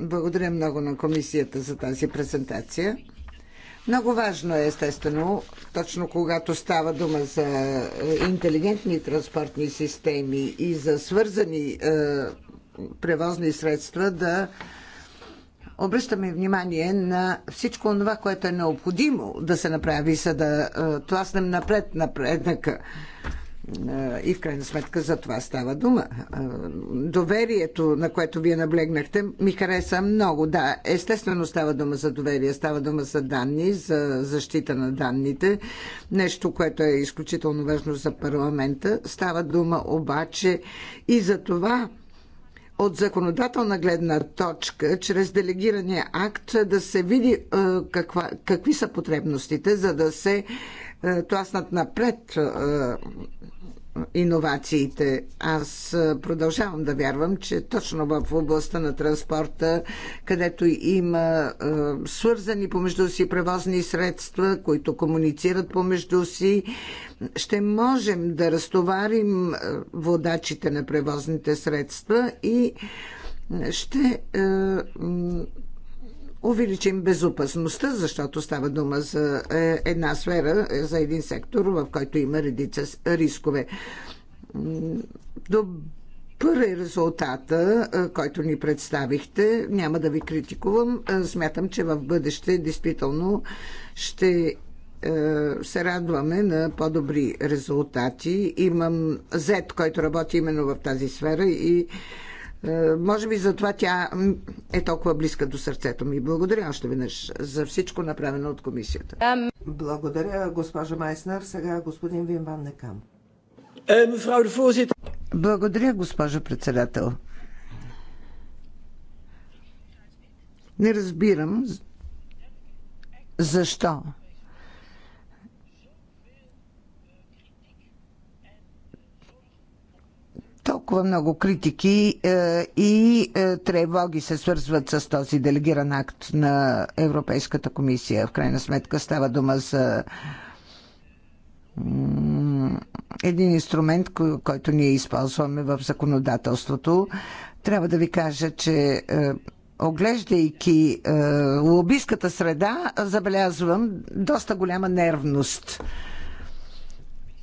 благодаря много на комисията за тази презентация. Много важно е, естествено, точно когато става дума за интелигентни транспортни системи и за свързани превозни средства, да обръщаме внимание на всичко това, което е необходимо да се направи, за да е, тласнем напред напредъка. Е, и в крайна сметка за това става дума. Е, доверието, на което вие наблегнахте, ми хареса много. Да, естествено става дума за доверие, става дума за данни, за защита на данните. Нещо, което е изключително важно за парламента. Става дума обаче и за това, от законодателна гледна точка, чрез делегирания акт, да се види е, каква, какви са потребностите, за да се е, тласнат напред е, иновациите. Аз продължавам да вярвам, че точно в областта на транспорта, където има е, свързани помежду си превозни средства, които комуницират помежду си, ще можем да разтоварим водачите на превозните средства и ще е, увеличим безопасността, защото става дума за е, една сфера, е, за един сектор, в който има редица рискове. Добър е резултата, е, който ни представихте. Няма да ви критикувам. Смятам, че в бъдеще действително ще се радваме на по-добри резултати. Имам зет, който работи именно в тази сфера и е, може би затова тя е толкова близка до сърцето ми. Благодаря още веднъж за всичко направено от комисията. Благодаря, госпожа Майснер. Сега господин Вин Ван Некам. Е, Благодаря, госпожа председател. Не разбирам защо толкова много критики е, и е, тревоги се свързват с този делегиран акт на Европейската комисия. В крайна сметка става дума за един инструмент, който ние използваме в законодателството. Трябва да ви кажа, че е, оглеждайки е, лобистката среда, забелязвам доста голяма нервност.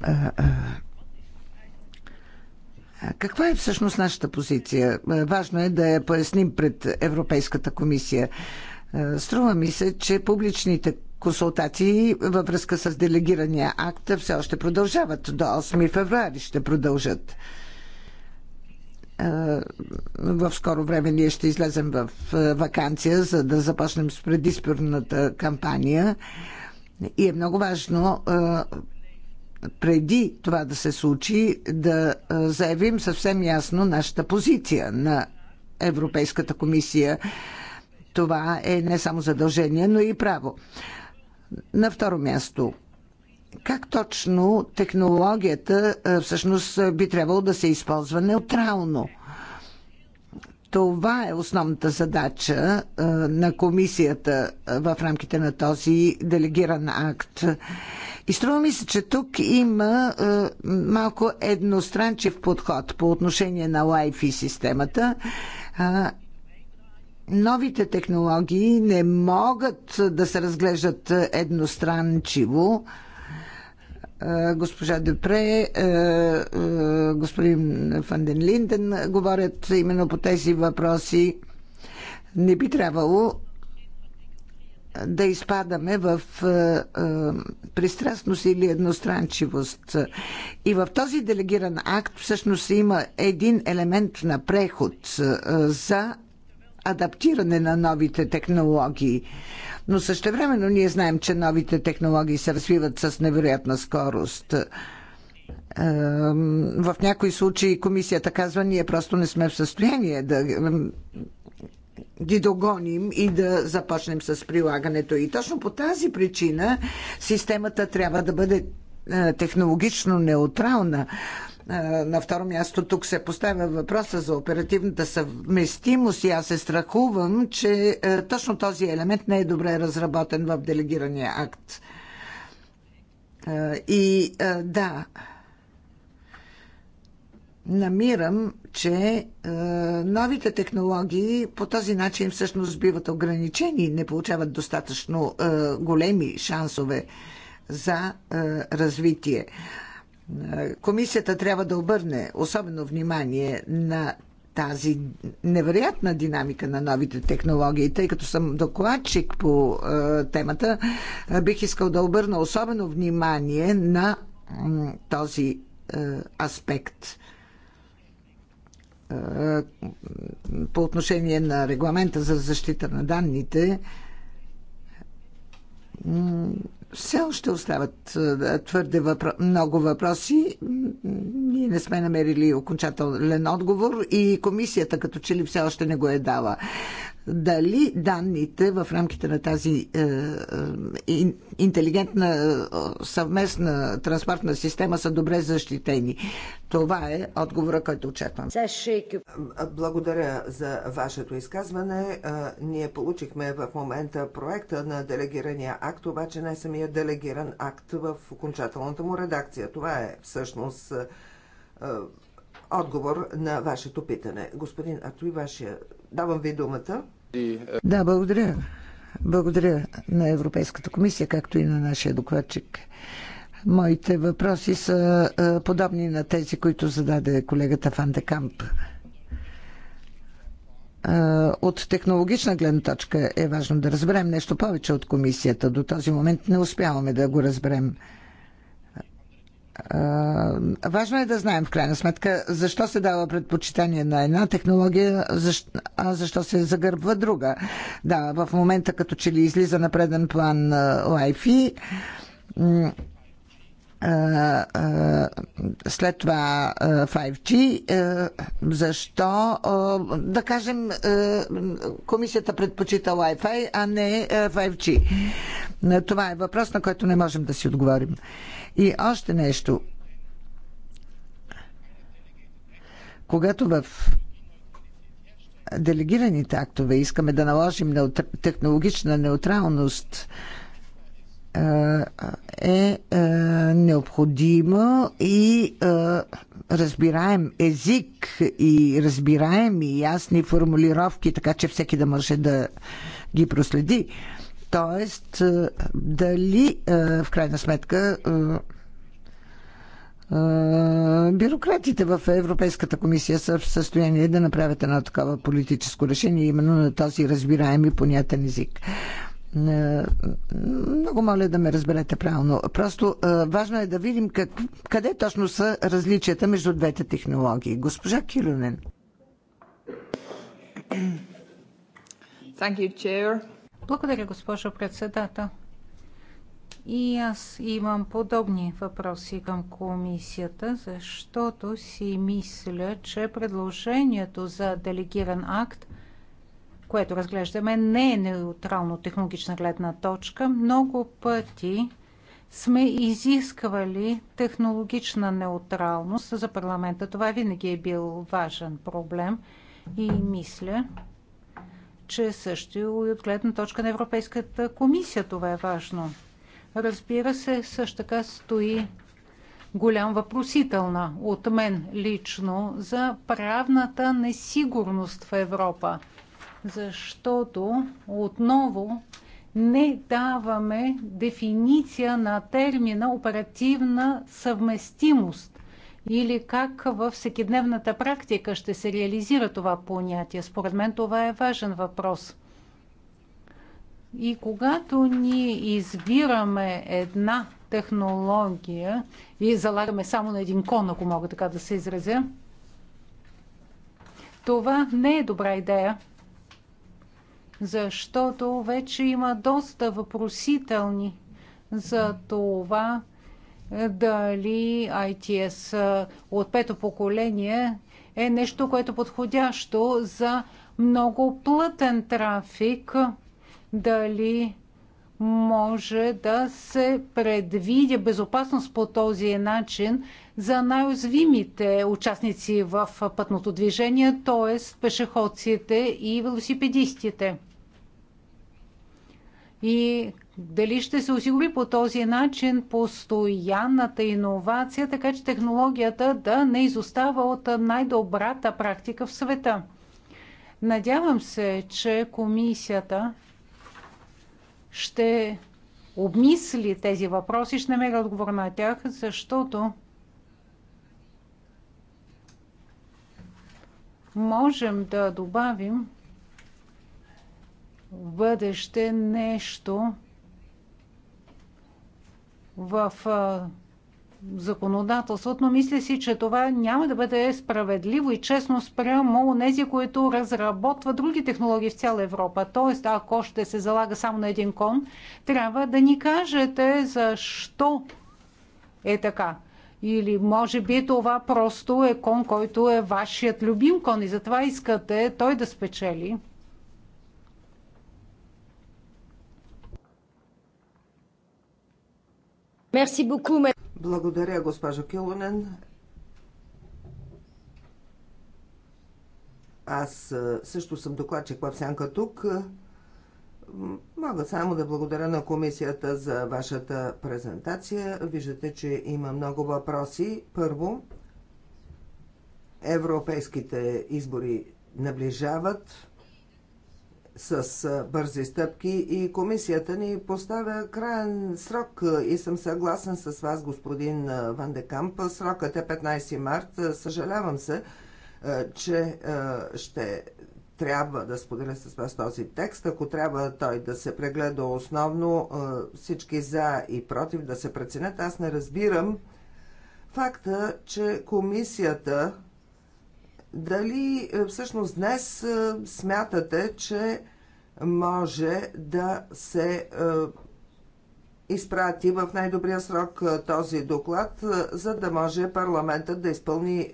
Е, е. Каква е всъщност нашата позиция? Важно е да я поясним пред Европейската комисия. Струва ми се, че публичните консултации във връзка с делегирания акт все още продължават. До 8 февруари ще продължат. В скоро време ние ще излезем в вакансия, за да започнем с предизборната кампания. И е много важно преди това да се случи, да заявим съвсем ясно нашата позиция на Европейската комисия. Това е не само задължение, но и право. На второ място, как точно технологията всъщност би трябвало да се използва неутрално? Това е основната задача на комисията в рамките на този делегиран акт. И струва ми се, че тук има малко едностранчив подход по отношение на Wi-Fi системата новите технологии не могат да се разглеждат едностранчиво госпожа Депре, господин Фанден Линден говорят именно по тези въпроси. Не би трябвало да изпадаме в пристрастност или едностранчивост. И в този делегиран акт всъщност има един елемент на преход за адаптиране на новите технологии. Но същевременно ние знаем, че новите технологии се развиват с невероятна скорост. В някои случаи комисията казва, ние просто не сме в състояние да ги догоним и да започнем с прилагането. И точно по тази причина системата трябва да бъде технологично неутрална. На второ място тук се поставя въпроса за оперативната съвместимост и аз се страхувам, че е, точно този елемент не е добре разработен в делегирания акт. Е, и е, да, намирам, че новите технологии по този начин всъщност биват ограничени, не получават достатъчно големи шансове за развитие комисията трябва да обърне особено внимание на тази невероятна динамика на новите технологии, тъй като съм докладчик по е, темата, е, бих искал да обърна особено внимание на този е, аспект е, по отношение на регламента за защита на данните все още остават е, твърде въпро... много въпроси. Ние не сме намерили окончателен отговор и комисията като че ли все още не го е дала дали данните в рамките на тази е, е, интелигентна е, съвместна транспортна система са добре защитени. Това е отговора, който очаквам. Благодаря за вашето изказване. Ние получихме в момента проекта на делегирания акт, обаче не самия делегиран акт в окончателната му редакция. Това е всъщност отговор на вашето питане. Господин Атуи, вашия... давам ви думата. Да, благодаря. Благодаря на Европейската комисия, както и на нашия докладчик. Моите въпроси са подобни на тези, които зададе колегата Фан де Камп. От технологична гледна точка е важно да разберем нещо повече от комисията. До този момент не успяваме да го разберем. Важно е да знаем в крайна сметка защо се дава предпочитание на една технология, защ, а защо се загърбва друга. Да, в момента като че ли излиза на преден план Wi-Fi, след това 5G, защо, да кажем, комисията предпочита Wi-Fi, а не 5G. Това е въпрос, на който не можем да си отговорим. И още нещо. Когато в делегираните актове искаме да наложим технологична неутралност, е, необходимо и разбираем език и разбираем и ясни формулировки, така че всеки да може да ги проследи. Тоест, е, дали е, в крайна сметка е, бюрократите в Европейската комисия са в състояние да направят едно такова политическо решение, именно на този разбираем и понятен език. Много моля да ме разберете правилно. Просто важно е да видим как, къде точно са различията между двете технологии. Госпожа Килюнен. Thank you, Chair. Благодаря, госпожо председател. И аз имам подобни въпроси към комисията, защото си мисля, че предложението за делегиран акт, което разглеждаме, не е неутрално технологична гледна точка. Много пъти сме изисквали технологична неутралност за парламента. Това винаги е бил важен проблем и мисля, че също и от гледна точка на Европейската комисия това е важно. Разбира се, също така стои голям въпросителна от мен лично за правната несигурност в Европа, защото отново не даваме дефиниция на термина оперативна съвместимост или как във всекидневната практика ще се реализира това понятие. Според мен това е важен въпрос. И когато ние избираме една технология и залагаме само на един кон, ако мога така да се изразя, това не е добра идея, защото вече има доста въпросителни за това, дали ITS от пето поколение е нещо, което е подходящо за много плътен трафик, дали може да се предвиди безопасност по този начин за най-уязвимите участници в пътното движение, т.е. пешеходците и велосипедистите. И дали ще се осигури по този начин постоянната иновация, така че технологията да не изостава от най-добрата практика в света. Надявам се, че комисията ще обмисли тези въпроси, ще намери отговор на тях, защото можем да добавим в бъдеще нещо, в законодателството, но мисля си, че това няма да бъде справедливо и честно спрямо тези, които разработват други технологии в цяла Европа. Тоест, ако ще се залага само на един кон, трябва да ни кажете защо е така. Или може би това просто е кон, който е вашият любим кон и затова искате той да спечели. Мерси буку. Благодаря, госпожо Килонен. Аз също съм докладчик в Сянка тук. Мога само да благодаря на комисията за вашата презентация. Виждате, че има много въпроси. Първо, европейските избори наближават с бързи стъпки и комисията ни поставя краен срок и съм съгласен с вас, господин Ван Декамп. Срокът е 15 март. Съжалявам се, че ще трябва да споделя с вас този текст. Ако трябва той да се прегледа основно, всички за и против да се преценят, аз не разбирам факта, че комисията дали е, всъщност днес е, смятате, че може да се е, изпрати в най-добрия срок този доклад, за да може парламентът да изпълни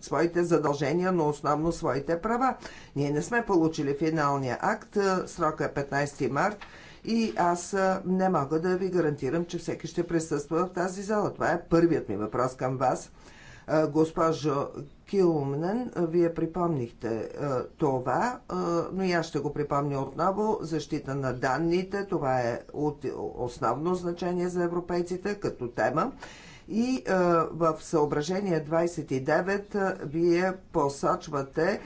своите задължения, но основно своите права. Ние не сме получили финалния акт, срока е 15 март и аз не мога да ви гарантирам, че всеки ще присъства в тази зала. Това е първият ми въпрос към вас. Госпожо Килумнен, вие припомнихте това, но и аз ще го припомня отново. Защита на данните, това е от основно значение за европейците като тема. И в съображение 29 вие посочвате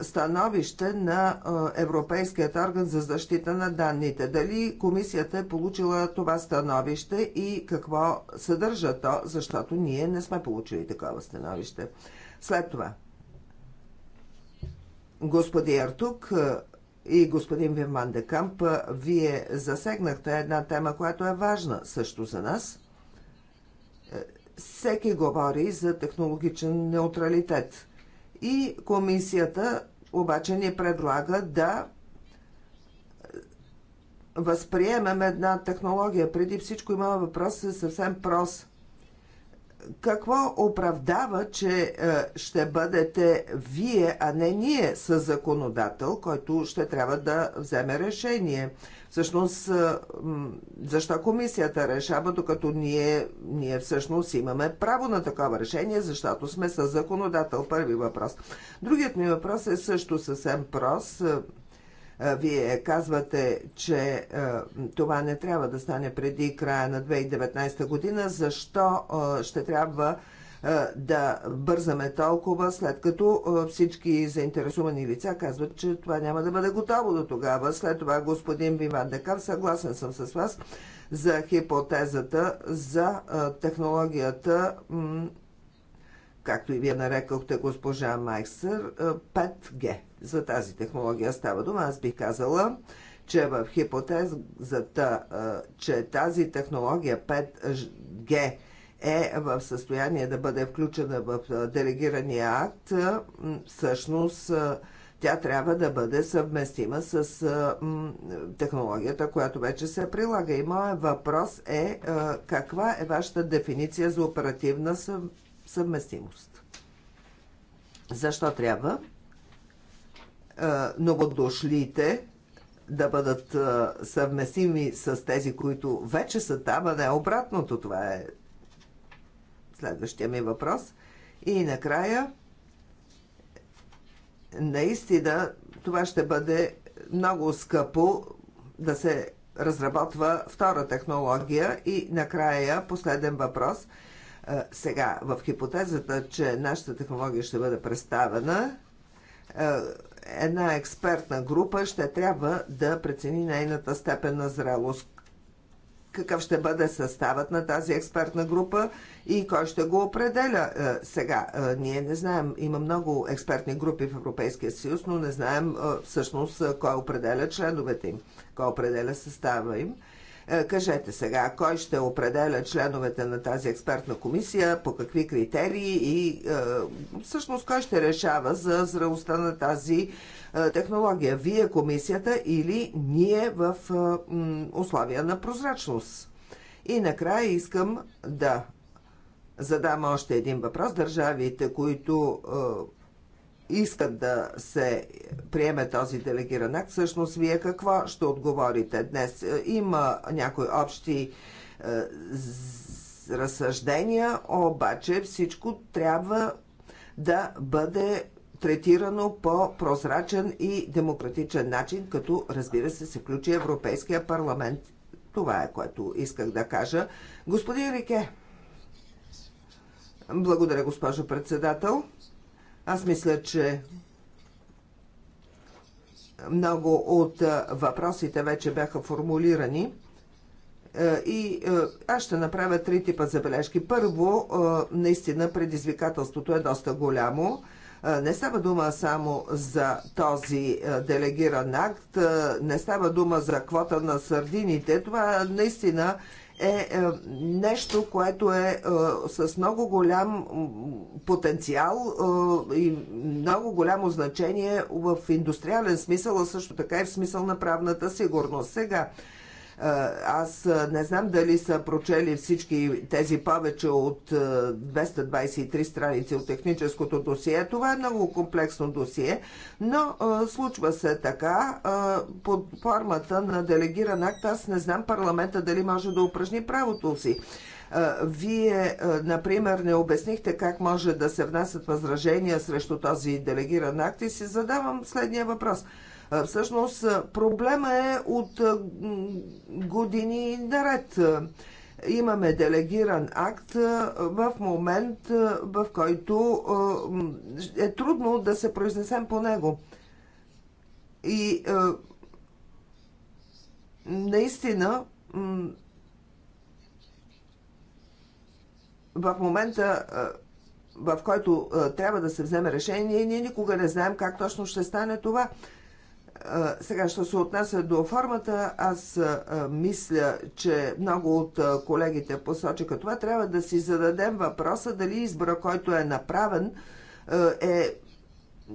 становище на Европейският орган за защита на данните. Дали комисията е получила това становище и какво съдържа то, защото ние не сме получили такова становище. След това господин Артук и господин Вирман Декамп, вие засегнахте една тема, която е важна също за нас. Всеки говори за технологичен неутралитет. И комисията обаче ни предлага да възприемем една технология. Преди всичко има въпрос е съвсем прост какво оправдава, че е, ще бъдете вие, а не ние с законодател, който ще трябва да вземе решение? Всъщност, е, защо комисията решава, докато ние, ние всъщност имаме право на такова решение, защото сме с законодател? Първи въпрос. Другият ми въпрос е също съвсем прост. Е, вие казвате, че това не трябва да стане преди края на 2019 година. Защо ще трябва да бързаме толкова, след като всички заинтересувани лица казват, че това няма да бъде готово до тогава. След това господин Виван Декар, съгласен съм с вас за хипотезата за технологията както и вие нарекохте госпожа Майсър, 5G за тази технология става дума, аз бих казала, че в хипотезата, че тази технология 5G е в състояние да бъде включена в делегирания акт, всъщност тя трябва да бъде съвместима с технологията, която вече се прилага. И моят въпрос е каква е вашата дефиниция за оперативна съвместимост? Защо трябва е, новодошлите да бъдат е, съвместими с тези, които вече са там, а не обратното. Това е следващия ми въпрос. И накрая, наистина, това ще бъде много скъпо да се разработва втора технология. И накрая, последен въпрос. Е, сега, в хипотезата, че нашата технология ще бъде представена, една експертна група ще трябва да прецени нейната степен на зрелост. Какъв ще бъде съставът на тази експертна група и кой ще го определя е, сега? Е, ние не знаем. Има много експертни групи в Европейския съюз, но не знаем е, всъщност кой определя членовете им, кой определя състава им. Е, кажете сега, кой ще определя членовете на тази експертна комисия, по какви критерии и е, всъщност кой ще решава за зрелостта на тази е, технология? Вие, комисията или ние в условия на прозрачност? И накрая искам да задам още един въпрос. Държавите, които искат да се приеме този делегиран акт, всъщност вие какво ще отговорите днес? Е, има някои общи е, разсъждения, обаче всичко трябва да бъде третирано по прозрачен и демократичен начин, като разбира се се включи Европейския парламент. Това е което исках да кажа. Господин Рике. Благодаря, госпожо председател. Аз мисля, че много от въпросите вече бяха формулирани е, и е, аз ще направя три типа забележки. Първо, е, наистина предизвикателството е доста голямо. Не става дума само за този делегиран акт, не става дума за квота на сърдините. Това наистина е, е нещо, което е, е с много голям потенциал е, и много голямо значение в индустриален смисъл, а също така и в смисъл на правната сигурност. Сега, е, аз е, не знам дали са прочели всички тези повече от 223 е, страници от техническото досие. Това е много комплексно досие, но случва се така. Под формата на делегиран акт аз не знам парламента дали може да упражни правото си. Вие, например, не обяснихте как може да се внасят възражения срещу този делегиран акт и си задавам следния въпрос – Всъщност проблема е от години наред. Имаме делегиран акт в момент, в който е трудно да се произнесем по него. И наистина в момента, в който трябва да се вземе решение, ние никога не знаем как точно ще стане това. Сега, що се отнася до формата, аз мисля, че много от колегите посочиха това. Трябва да си зададем въпроса дали избора, който е направен, е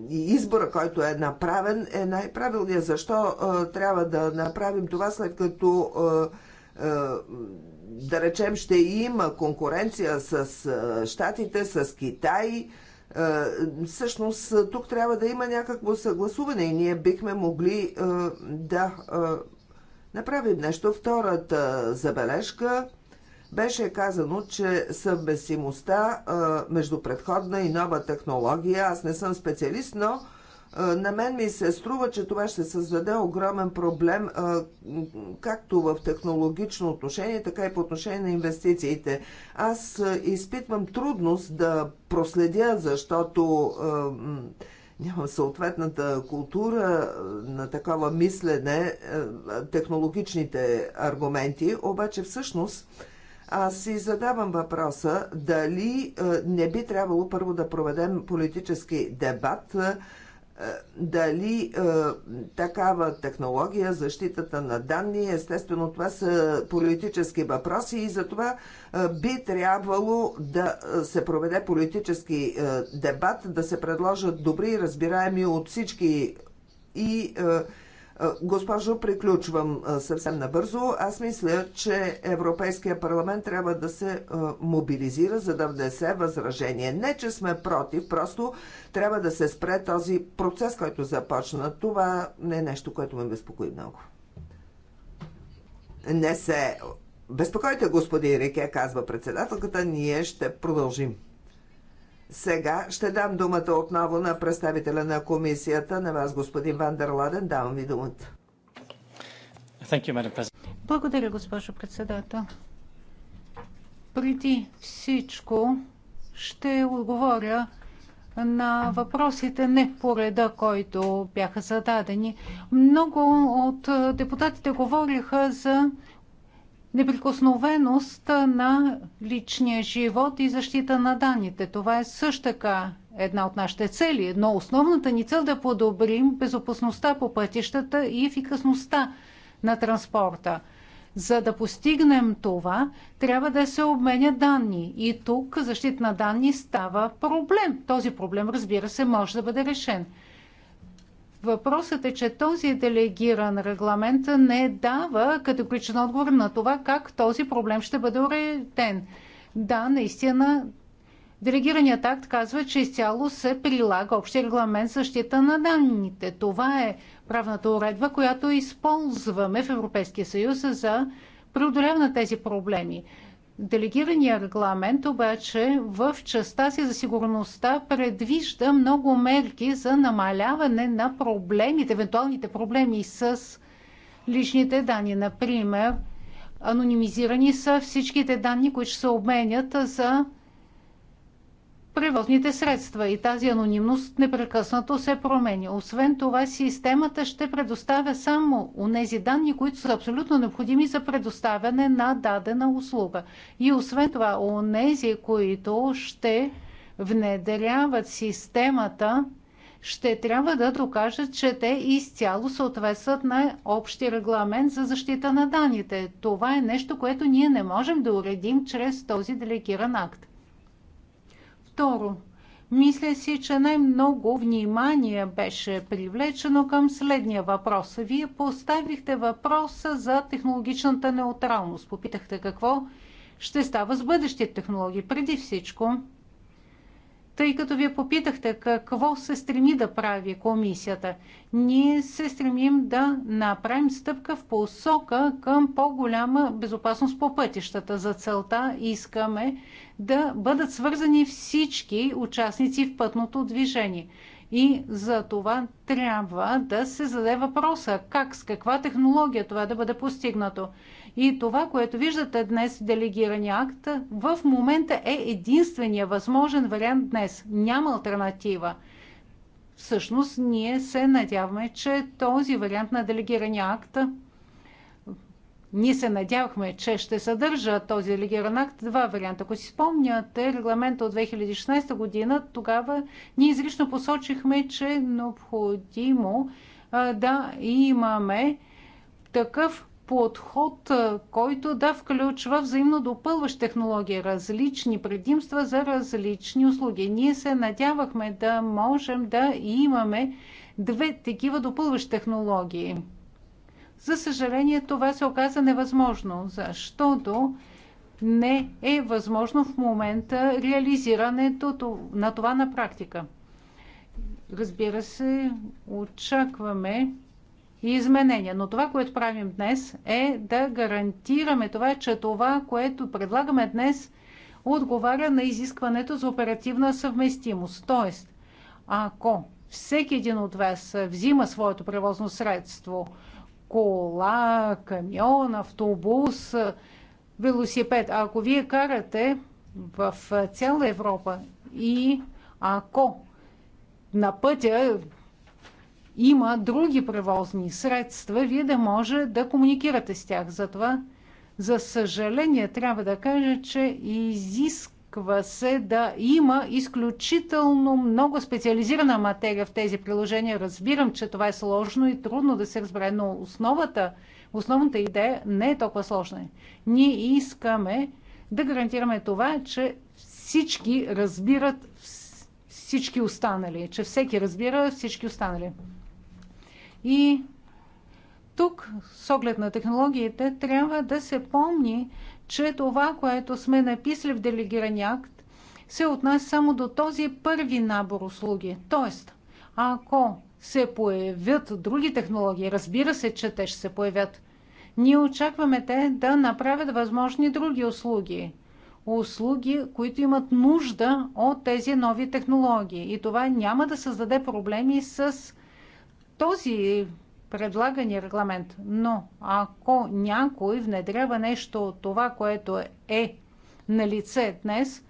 избора, който е направен, е най-правилният. Защо трябва да направим това, след като да речем ще има конкуренция с Штатите, с Китай, е, всъщност е, тук трябва да има някакво съгласуване и ние бихме могли е, да направим нещо. Втората забележка беше казано, че съвместимостта между предходна и нова технология, аз не съм специалист, но на мен ми се струва, че това ще създаде огромен проблем както в технологично отношение, така и по отношение на инвестициите. Аз изпитвам трудност да проследя, защото нямам съответната култура на такова мислене, технологичните аргументи, обаче всъщност аз си задавам въпроса дали не би трябвало първо да проведем политически дебат, дали е, такава технология, защитата на данни, естествено това са политически въпроси и затова е, би трябвало да се проведе политически е, дебат, да се предложат добри, разбираеми от всички и е, е, госпожо, приключвам е, съвсем набързо. Аз мисля, че Европейския парламент трябва да се е, мобилизира, за да внесе възражение. Не, че сме против, просто трябва да се спре този процес, който започна. Това не е нещо, което ме безпокои много. Не се Безпокойте, господин Рике, казва председателката, ние ще продължим. Сега ще дам думата отново на представителя на комисията, на вас, господин Вандер Ладен. Давам ви думата. Благодаря, госпожо председател. Преди всичко ще отговоря на въпросите не по реда, който бяха зададени. Много от депутатите говориха за неприкосновеност на личния живот и защита на данните. Това е също така една от нашите цели, но основната ни цел е да подобрим безопасността по пътищата и ефикасността на транспорта. За да постигнем това, трябва да се обменят данни. И тук защита на данни става проблем. Този проблем, разбира се, може да бъде решен. Въпросът е, че този делегиран регламент не дава категоричен отговор на това как този проблем ще бъде уреден. Да, наистина, делегираният акт казва, че изцяло се прилага общия регламент защита на данните. Това е правната уредба, която използваме в Европейския съюз за преодоляване на тези проблеми. Делегирания регламент обаче в частта си за сигурността предвижда много мерки за намаляване на проблемите, евентуалните проблеми с личните данни. Например, анонимизирани са всичките данни, които се обменят за превозните средства и тази анонимност непрекъснато се променя. Освен това, системата ще предоставя само онези данни, които са абсолютно необходими за предоставяне на дадена услуга. И освен това, онези, които ще внедряват системата, ще трябва да докажат, че те изцяло съответстват на общи регламент за защита на данните. Това е нещо, което ние не можем да уредим чрез този делегиран акт. Второ, мисля си, че най-много внимание беше привлечено към следния въпрос. Вие поставихте въпроса за технологичната неутралност. Попитахте какво ще става с бъдещи технологии преди всичко. Тъй като вие попитахте какво се стреми да прави комисията, ние се стремим да направим стъпка в посока към по-голяма безопасност по пътищата. За целта искаме да бъдат свързани всички участници в пътното движение. И за това трябва да се заде въпроса как, с каква технология това да бъде постигнато. И това, което виждате днес в делегирания акт, в момента е единствения възможен вариант днес. Няма альтернатива. Всъщност, ние се надяваме, че този вариант на делегирания акт ние се надявахме, че ще съдържа този делегиран акт два варианта. Ако си спомняте регламента от 2016 година, тогава ние изрично посочихме, че е необходимо да имаме такъв подход, който да включва взаимно допълващ технологии, различни предимства за различни услуги. Ние се надявахме да можем да имаме две такива допълващи технологии. За съжаление, това се оказа невъзможно, защото не е възможно в момента реализирането на това на практика. Разбира се, очакваме и изменения. Но това, което правим днес, е да гарантираме това, че това, което предлагаме днес, отговаря на изискването за оперативна съвместимост. Тоест, ако всеки един от вас взима своето превозно средство, кола, камион, автобус, велосипед. А ако вие карате в цяла Европа и ако на пътя има други превозни средства, вие да може да комуникирате с тях. Затова, за съжаление, трябва да кажа, че изисква се да има изключително много специализирана материя в тези приложения. Разбирам, че това е сложно и трудно да се разбере, но основата, основната идея не е толкова сложна. Ние искаме да гарантираме това, че всички разбират всички останали, че всеки разбира всички останали. И тук, с оглед на технологиите, трябва да се помни, че това, което сме написали в делегирания акт, се отнася само до този първи набор услуги. Тоест, ако се появят други технологии, разбира се, че те ще се появят, ние очакваме те да направят възможни други услуги. Услуги, които имат нужда от тези нови технологии. И това няма да създаде проблеми с този предлагания регламент. Но ако някой внедрява нещо от това, което е на лице днес,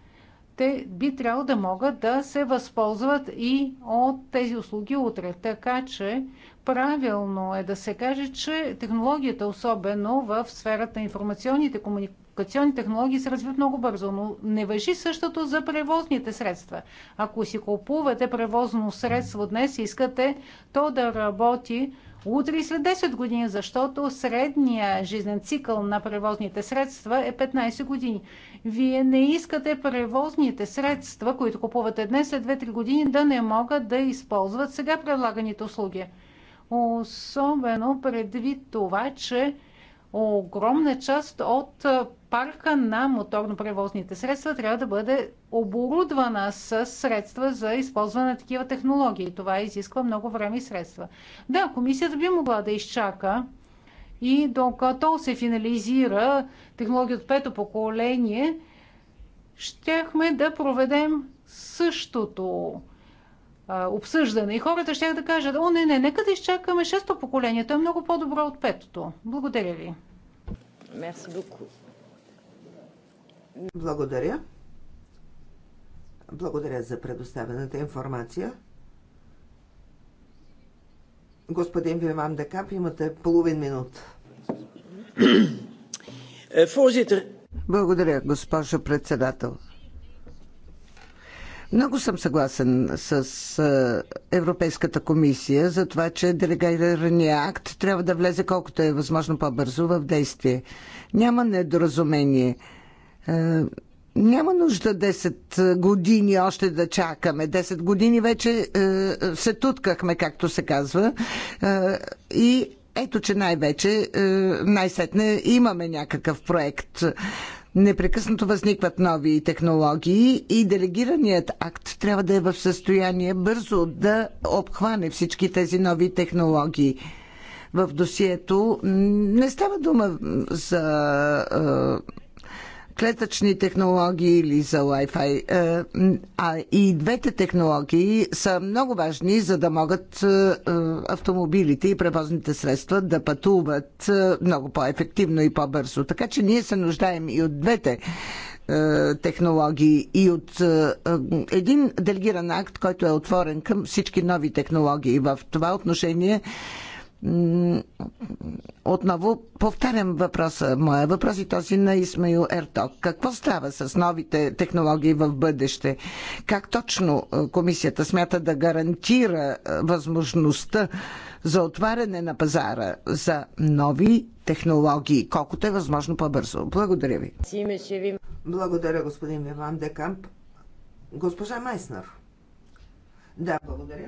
те би трябвало да могат да се възползват и от тези услуги утре. Така че правилно е да се каже, че технологията, особено в сферата на информационните комуникационни технологии, се развиват много бързо, но не въжи същото за превозните средства. Ако си купувате превозно средство днес и искате то да работи утре и след 10 години, защото средния жизнен цикъл на превозните средства е 15 години. Вие не искате превозните средства, които купувате днес, след 2-3 години да не могат да използват сега предлаганите услуги. Особено предвид това, че огромна част от парка на моторно-превозните средства трябва да бъде оборудвана с средства за използване на такива технологии. Това изисква много време и средства. Да, комисията би могла да изчака и докато се финализира технология от пето поколение, щяхме да проведем същото обсъждане и хората ще да кажат, о, не, не, нека да изчакаме шесто поколение, то е много по-добро от петото. Благодаря ви. Благодаря. Благодаря за предоставената информация. Господин Вилман Декап, имате половин минут. Е, Благодаря, госпожо председател. Много съм съгласен с Европейската комисия за това, че делегирания акт трябва да влезе колкото е възможно по-бързо в действие. Няма недоразумение. Няма нужда 10 години още да чакаме. 10 години вече се туткахме, както се казва. и ето, че най-вече, най-сетне имаме някакъв проект. Непрекъснато възникват нови технологии и делегираният акт трябва да е в състояние бързо да обхване всички тези нови технологии. В досието не става дума за клетъчни технологии или за Wi-Fi. Е, а и двете технологии са много важни, за да могат е, е, автомобилите и превозните средства да пътуват много по-ефективно и по-бързо. Така че ние се нуждаем и от двете технологии и от един делегиран акт, който е отворен към всички нови технологии. В това отношение отново повтарям въпроса, моя въпрос и този на Исмаил Ерток. Какво става с новите технологии в бъдеще? Как точно е, комисията смята да гарантира е, възможността за отваряне на пазара за нови технологии, колкото е възможно по-бързо? Благодаря ви. Благодаря, господин Иван Декамп. Госпожа Майснар. Да, благодаря.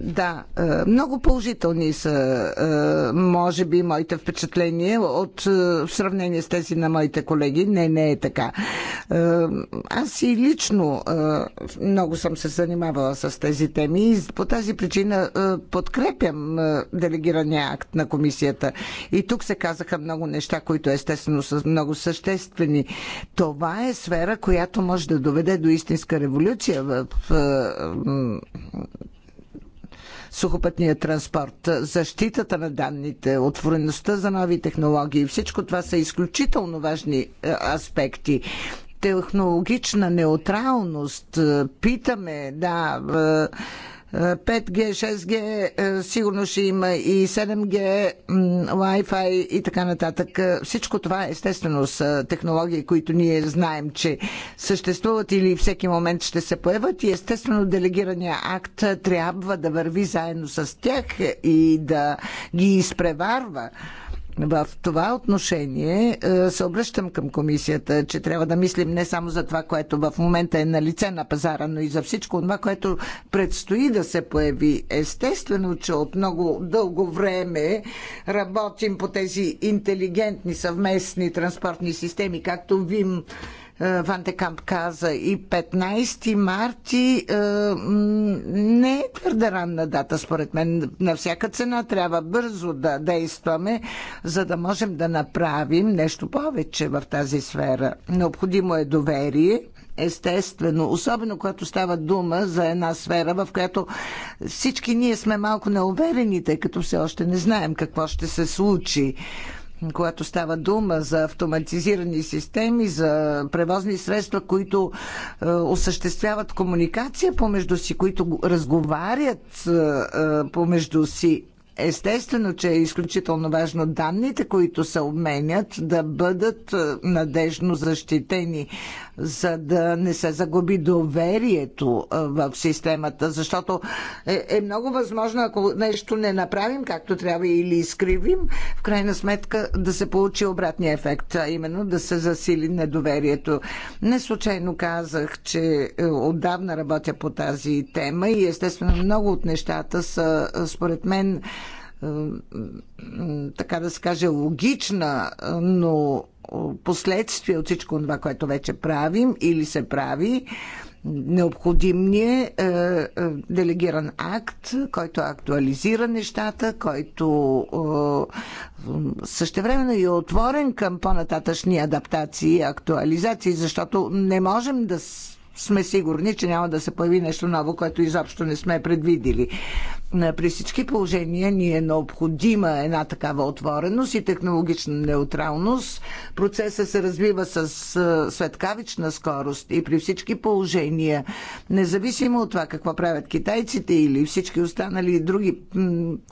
Да, е, много положителни са, е, може би, моите впечатления от, е, в сравнение с тези на моите колеги. Не, не е така. Аз и лично много съм се занимавала с тези теми и по тази причина подкрепям делегирания акт на комисията. И тук се казаха много неща, които естествено са много съществени. Това е сфера, която може да доведе до истинска революция в сухопътния транспорт, защитата на данните, отвореността за нови технологии. Всичко това са изключително важни е, аспекти технологична неутралност. Е, питаме, да, е, 5G, 6G, е, сигурно ще има и 7G, Wi-Fi и така нататък. Всичко това естествено са технологии, които ние знаем, че съществуват или всеки момент ще се появят и естествено делегирания акт трябва да върви заедно с тях и да ги изпреварва. В това отношение е, се обръщам към комисията, че трябва да мислим не само за това, което в момента е на лице на пазара, но и за всичко това, което предстои да се появи. Естествено, че от много дълго време работим по тези интелигентни съвместни транспортни системи, както ВИМ. Е, Ван Декамп каза и 15 марти е, не е твърде ранна дата, според мен. На всяка цена трябва бързо да действаме, за да можем да направим нещо повече в тази сфера. Необходимо е доверие, естествено, особено когато става дума за една сфера, в която всички ние сме малко неуверени, тъй като все още не знаем какво ще се случи когато става дума за автоматизирани системи, за превозни средства, които е, осъществяват комуникация помежду си, които разговарят е, е помежду си Естествено, че е изключително важно данните, които се обменят, да бъдат е, надежно защитени, за да не се загуби доверието е, в системата, защото е, е много възможно, ако нещо не направим както трябва или изкривим, в крайна сметка да се получи обратния ефект, а именно да се засили недоверието. Не случайно казах, че е, отдавна работя по тази тема и естествено много от нещата са, според мен, така да се каже, логична, но последствие от всичко това, което вече правим или се прави, необходим ни е, е, делегиран акт, който актуализира нещата, който е, същевременно е отворен към по-нататъчни адаптации и актуализации, защото не можем да сме сигурни, че няма да се появи нещо ново, което изобщо не сме предвидили. При всички положения ни е необходима една такава отвореност и технологична неутралност. Процесът се развива с светкавична скорост и при всички положения, независимо от това какво правят китайците или всички останали други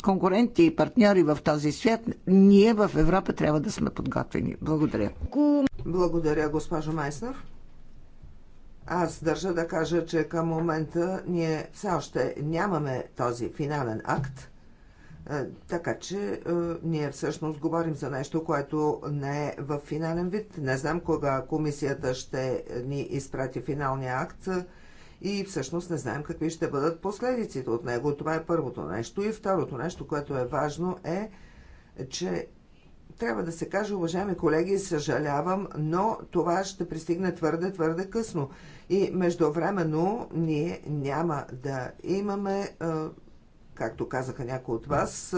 конкуренти и партньори в този свят, ние в Европа трябва да сме подготвени. Благодаря. Благодаря, госпожо Майснер. Аз държа да кажа, че към момента ние все още нямаме този финален акт, е, така че е, ние всъщност говорим за нещо, което не е в финален вид. Не знам кога комисията ще ни изпрати финалния акт е, и всъщност не знаем какви ще бъдат последиците от него. Това е първото нещо. И второто нещо, което е важно е, че трябва да се каже, уважаеми колеги, съжалявам, но това ще пристигне твърде, твърде късно. И междувременно ние няма да имаме, както казаха някои от вас,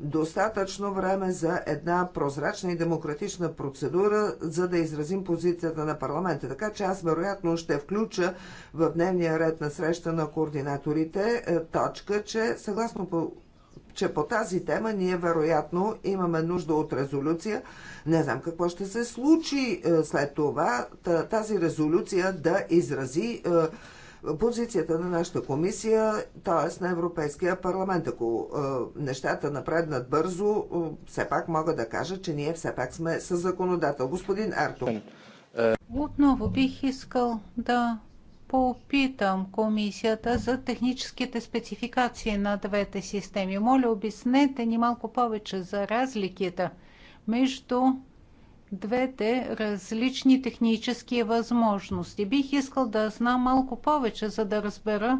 достатъчно време за една прозрачна и демократична процедура, за да изразим позицията на парламента. Така че аз вероятно ще включа в дневния ред на среща на координаторите е, точка, че съгласно по че по тази тема ние вероятно имаме нужда от резолюция. Не знам какво ще се случи е, след това тази резолюция да изрази е, позицията на нашата комисия, т.е. на Европейския парламент. Ако е, нещата напреднат бързо, все пак мога да кажа, че ние все пак сме със законодател. Господин Арто. Отново бих искал да попитам комисията за техническите спецификации на двете системи. Моля, обяснете ни малко повече за разликите между двете различни технически възможности. Бих искал да знам малко повече, за да разбера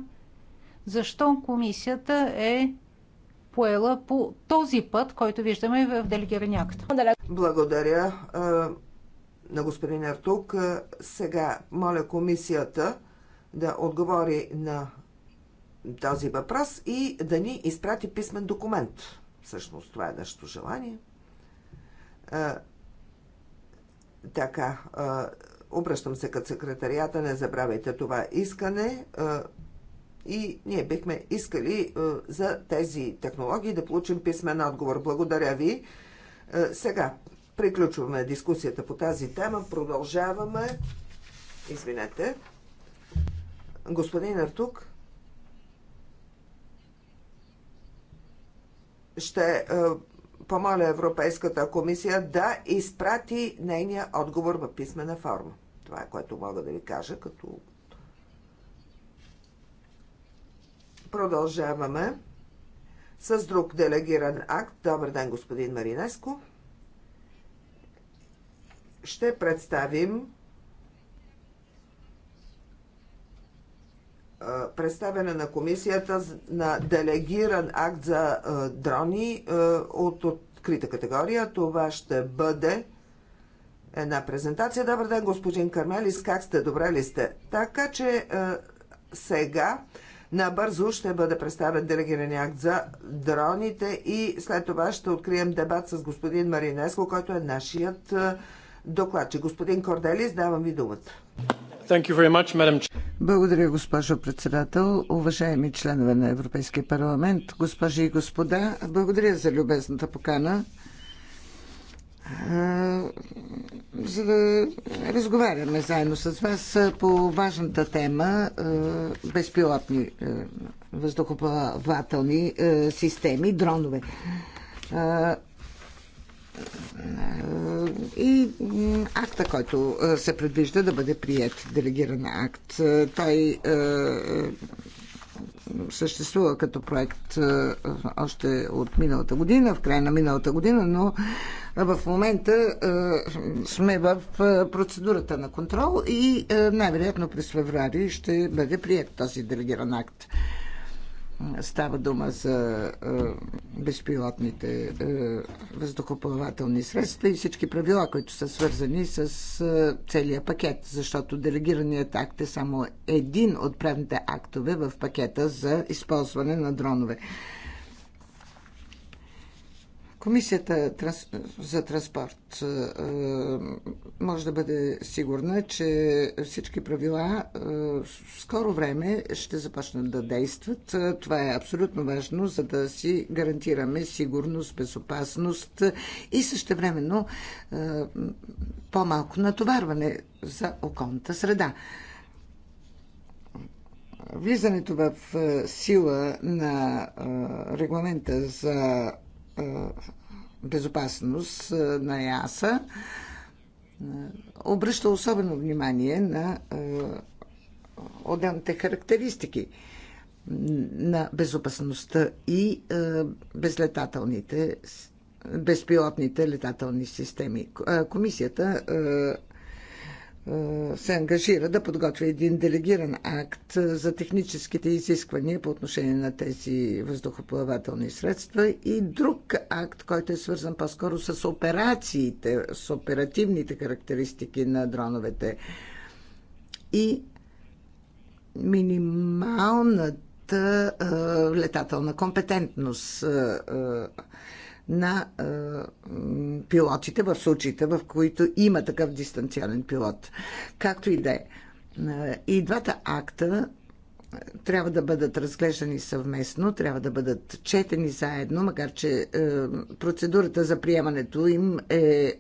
защо комисията е поела по този път, който виждаме в делегирания акт. Благодаря на господин Артук. Сега моля комисията да отговори на този въпрос и да ни изпрати писмен документ. Всъщност това е нашето желание. А, така, а, обръщам се като секретарията, не забравяйте това искане. А, и ние бихме искали а, за тези технологии да получим писмен отговор. Благодаря ви. А, сега приключваме дискусията по тази тема. Продължаваме. Извинете. Господин Артук ще е, помоля Европейската комисия да изпрати нейния отговор в писмена форма. Това е което мога да ви кажа като Продължаваме с друг делегиран акт. Добър ден, господин Маринеско. Ще представим представяне на комисията на делегиран акт за дрони от открита категория. Това ще бъде една презентация. Добър ден, господин Кармелис, как сте? Добре ли сте? Така че сега Набързо ще бъде представен делегиран акт за дроните и след това ще открием дебат с господин Маринеско, който е нашият докладчик. Господин Корделис, давам ви думата. Much, Благодаря, госпожо председател. Уважаеми членове на Европейския парламент, госпожи и господа, благодаря за любезната покана за да разговаряме заедно с вас по важната тема безпилотни въздухоплавателни системи, дронове. Е, и акта, който е, се предвижда да бъде прият, делегиран акт. Е, той съществува като проект още от миналата година, в края на миналата година, но в момента сме в процедурата на контрол и най-вероятно през феврари ще бъде прият този делегиран акт. Става дума за е, безпилотните е, въздухоплавателни средства и всички правила, които са свързани с е, целия пакет, защото делегираният акт е само един от правните актове в пакета за използване на дронове. Комисията за транспорт е, може да бъде сигурна, че всички правила в е, скоро време ще започнат да действат. Е, това е абсолютно важно, за да си гарантираме сигурност, безопасност и същевременно по-малко натоварване за околната среда. Влизането в сила на регламента за безопасност на ЕАСА обръща особено внимание на отделните характеристики на безопасността и безлетателните, безпилотните летателни системи. Комисията е, се ангажира да подготви един делегиран акт за техническите изисквания по отношение на тези въздухоплавателни средства и друг акт, който е свързан по-скоро с операциите, с оперативните характеристики на дроновете. И минималната е, летателна компетентност е, на пилотите в случаите, в които има такъв дистанционен пилот. Както и да е. И двата акта трябва да бъдат разглеждани съвместно, трябва да бъдат четени заедно, макар че е, процедурата за приемането им е, е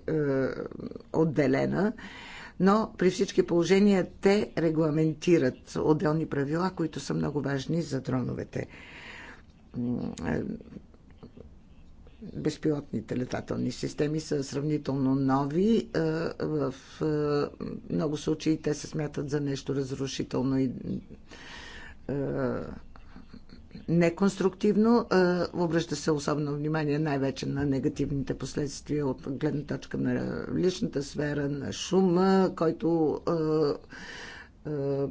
отделена, но при всички положения те регламентират отделни правила, които са много важни за дроновете безпилотните летателни системи са сравнително нови. Е, в е, много случаи те се смятат за нещо разрушително и е, неконструктивно. Обръща се особено внимание най-вече на негативните последствия от гледна точка на личната сфера, на шума, който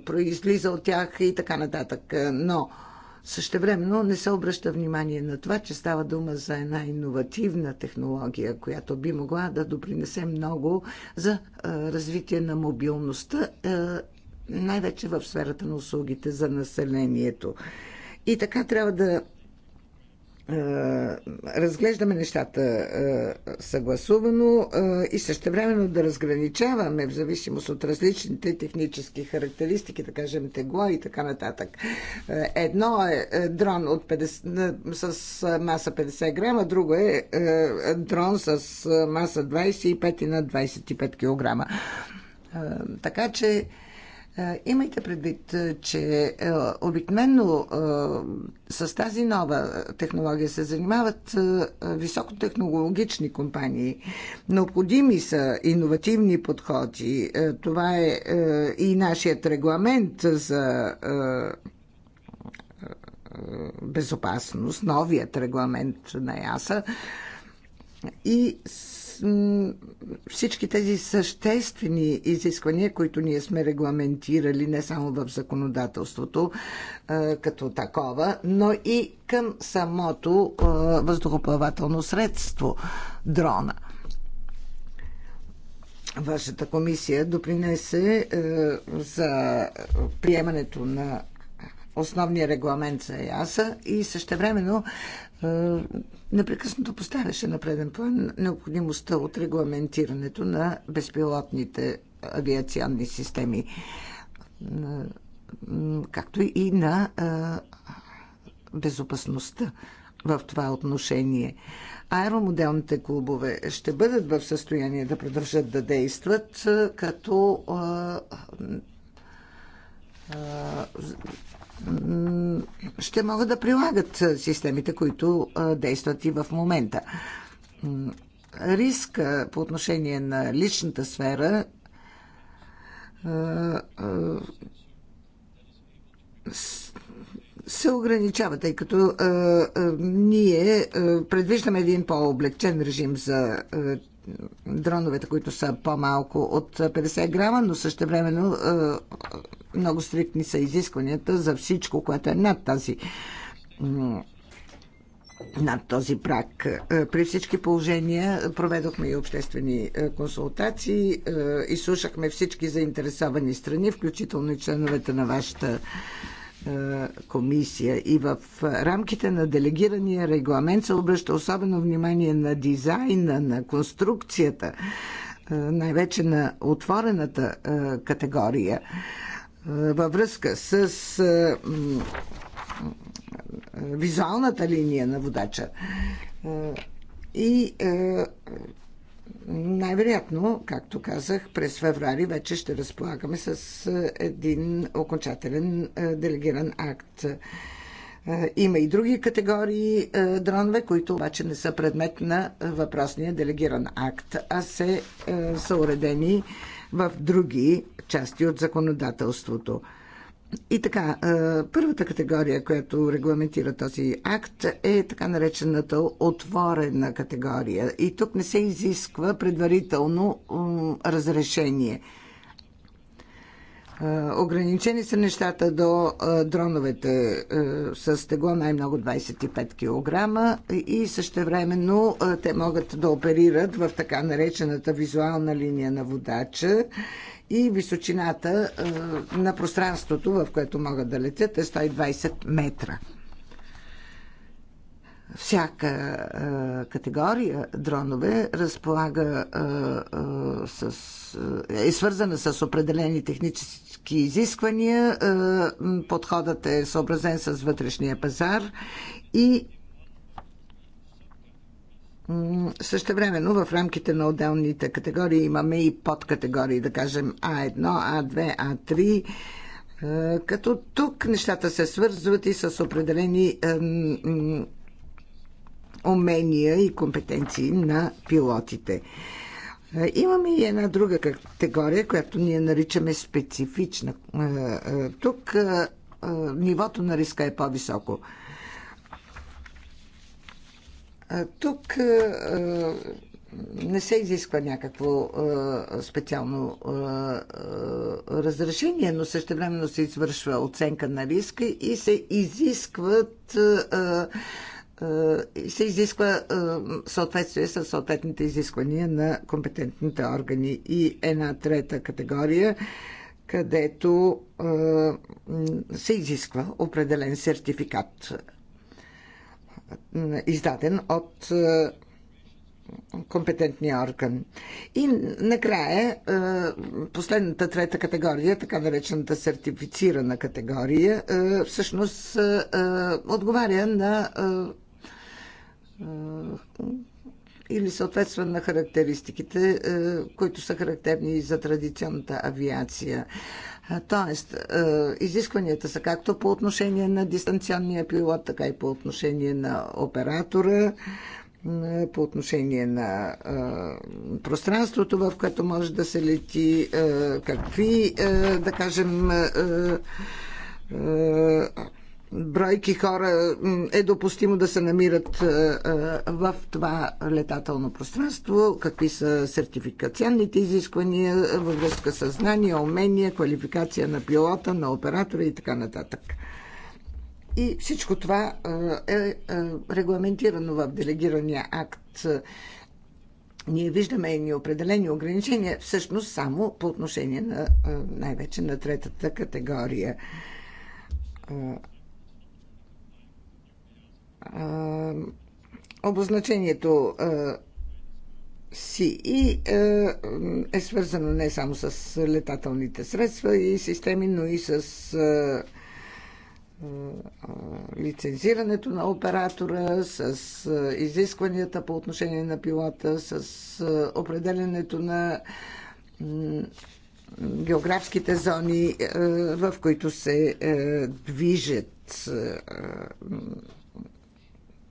произлиза от тях и така нататък. Но Същевременно не се обръща внимание на това, че става дума за една иновативна технология, която би могла да допринесе много за развитие на мобилността, най-вече в сферата на услугите за населението. И така трябва да е, разглеждаме нещата е, съгласувано е, и същевременно да разграничаваме в зависимост от различните технически характеристики, да кажем тегло и така нататък. Едно е дрон от 50, с маса 50 грама, друго е дрон с маса 25 и над 25 кг. Така че е, имайте предвид, е, че е, обикновено с тази нова технология се занимават високотехнологични компании. Необходими са иновативни подходи. Това е и нашият регламент за безопасност, новият регламент на ЯСА. И всички тези съществени изисквания, които ние сме регламентирали не само в законодателството като такова, но и към самото въздухоплавателно средство дрона. Вашата комисия допринесе за приемането на основния регламент за ЕАСА и същевременно е, непрекъснато поставяше на преден план необходимостта от регламентирането на безпилотните авиационни системи, е, както и на е, безопасността в това отношение. Аеромоделните клубове ще бъдат в състояние да продължат да действат, е, като ще могат да прилагат системите, които действат и в момента. Риска по отношение на личната сфера се ограничава, тъй като ние предвиждаме един по-облегчен режим за дроновете, които са по-малко от 50 грама, но също времено е, много стриктни са изискванията за всичко, което е над тази над този прак. Е, при всички положения проведохме и обществени е, консултации, изслушахме всички заинтересовани страни, включително и членовете на вашата е, комисия. И в рамките на делегирания регламент се обръща особено внимание на дизайна, на конструкцията, е, най-вече на отворената е, категория във връзка с визуалната линия на водача. И най-вероятно, както казах, през феврари вече ще разполагаме с е, един окончателен е, делегиран акт. Е, има и други категории дронове, които обаче не са предмет на въпросния делегиран акт, а се са уредени в други части от законодателството. И така, първата категория, която регламентира този акт, е така наречената отворена категория. И тук не се изисква предварително разрешение. Ограничени са нещата до дроновете с тегло най-много 25 кг и същевременно те могат да оперират в така наречената визуална линия на водача и височината на пространството, в което могат да летят, е 120 метра. Всяка категория дронове разполага с, е свързана с определени технически изисквания. подходът е съобразен с вътрешния пазар и също но в рамките на отделните категории имаме и подкатегории, да кажем А1, А2, А3 като тук нещата се свързват и с определени умения и компетенции на пилотите. Е, имаме и една друга категория, която ние наричаме специфична. Е, е, тук нивото на риска е по-високо. Тук не се изисква някакво специално разрешение, но същевременно се извършва оценка на риска и се изискват се изисква съответствие с съответните изисквания на компетентните органи. И една трета категория, където се изисква определен сертификат издаден от е, компетентния орган. И накрая, е, последната трета категория, така наречената сертифицирана категория, е, всъщност отговаря на или съответства на характеристиките, които са характерни и за традиционната авиация. Тоест, е, изискванията са както по отношение на дистанционния пилот, така и по отношение на оператора, по отношение на е, пространството, в което може да се лети, е, какви, да кажем, бройки хора е допустимо да се намират е, е, в това летателно пространство, какви са сертификационните изисквания във връзка с знания, умения, квалификация на пилота, на оператора и така нататък. И всичко това е, е регламентирано в делегирания акт. Ние виждаме и определени ограничения, всъщност само по отношение на най-вече на третата категория е, обозначението е, си и е, е свързано не само с летателните средства и системи, но и с лицензирането на оператора, с изискванията по отношение на пилота, с определенето на географските зони, в които се движат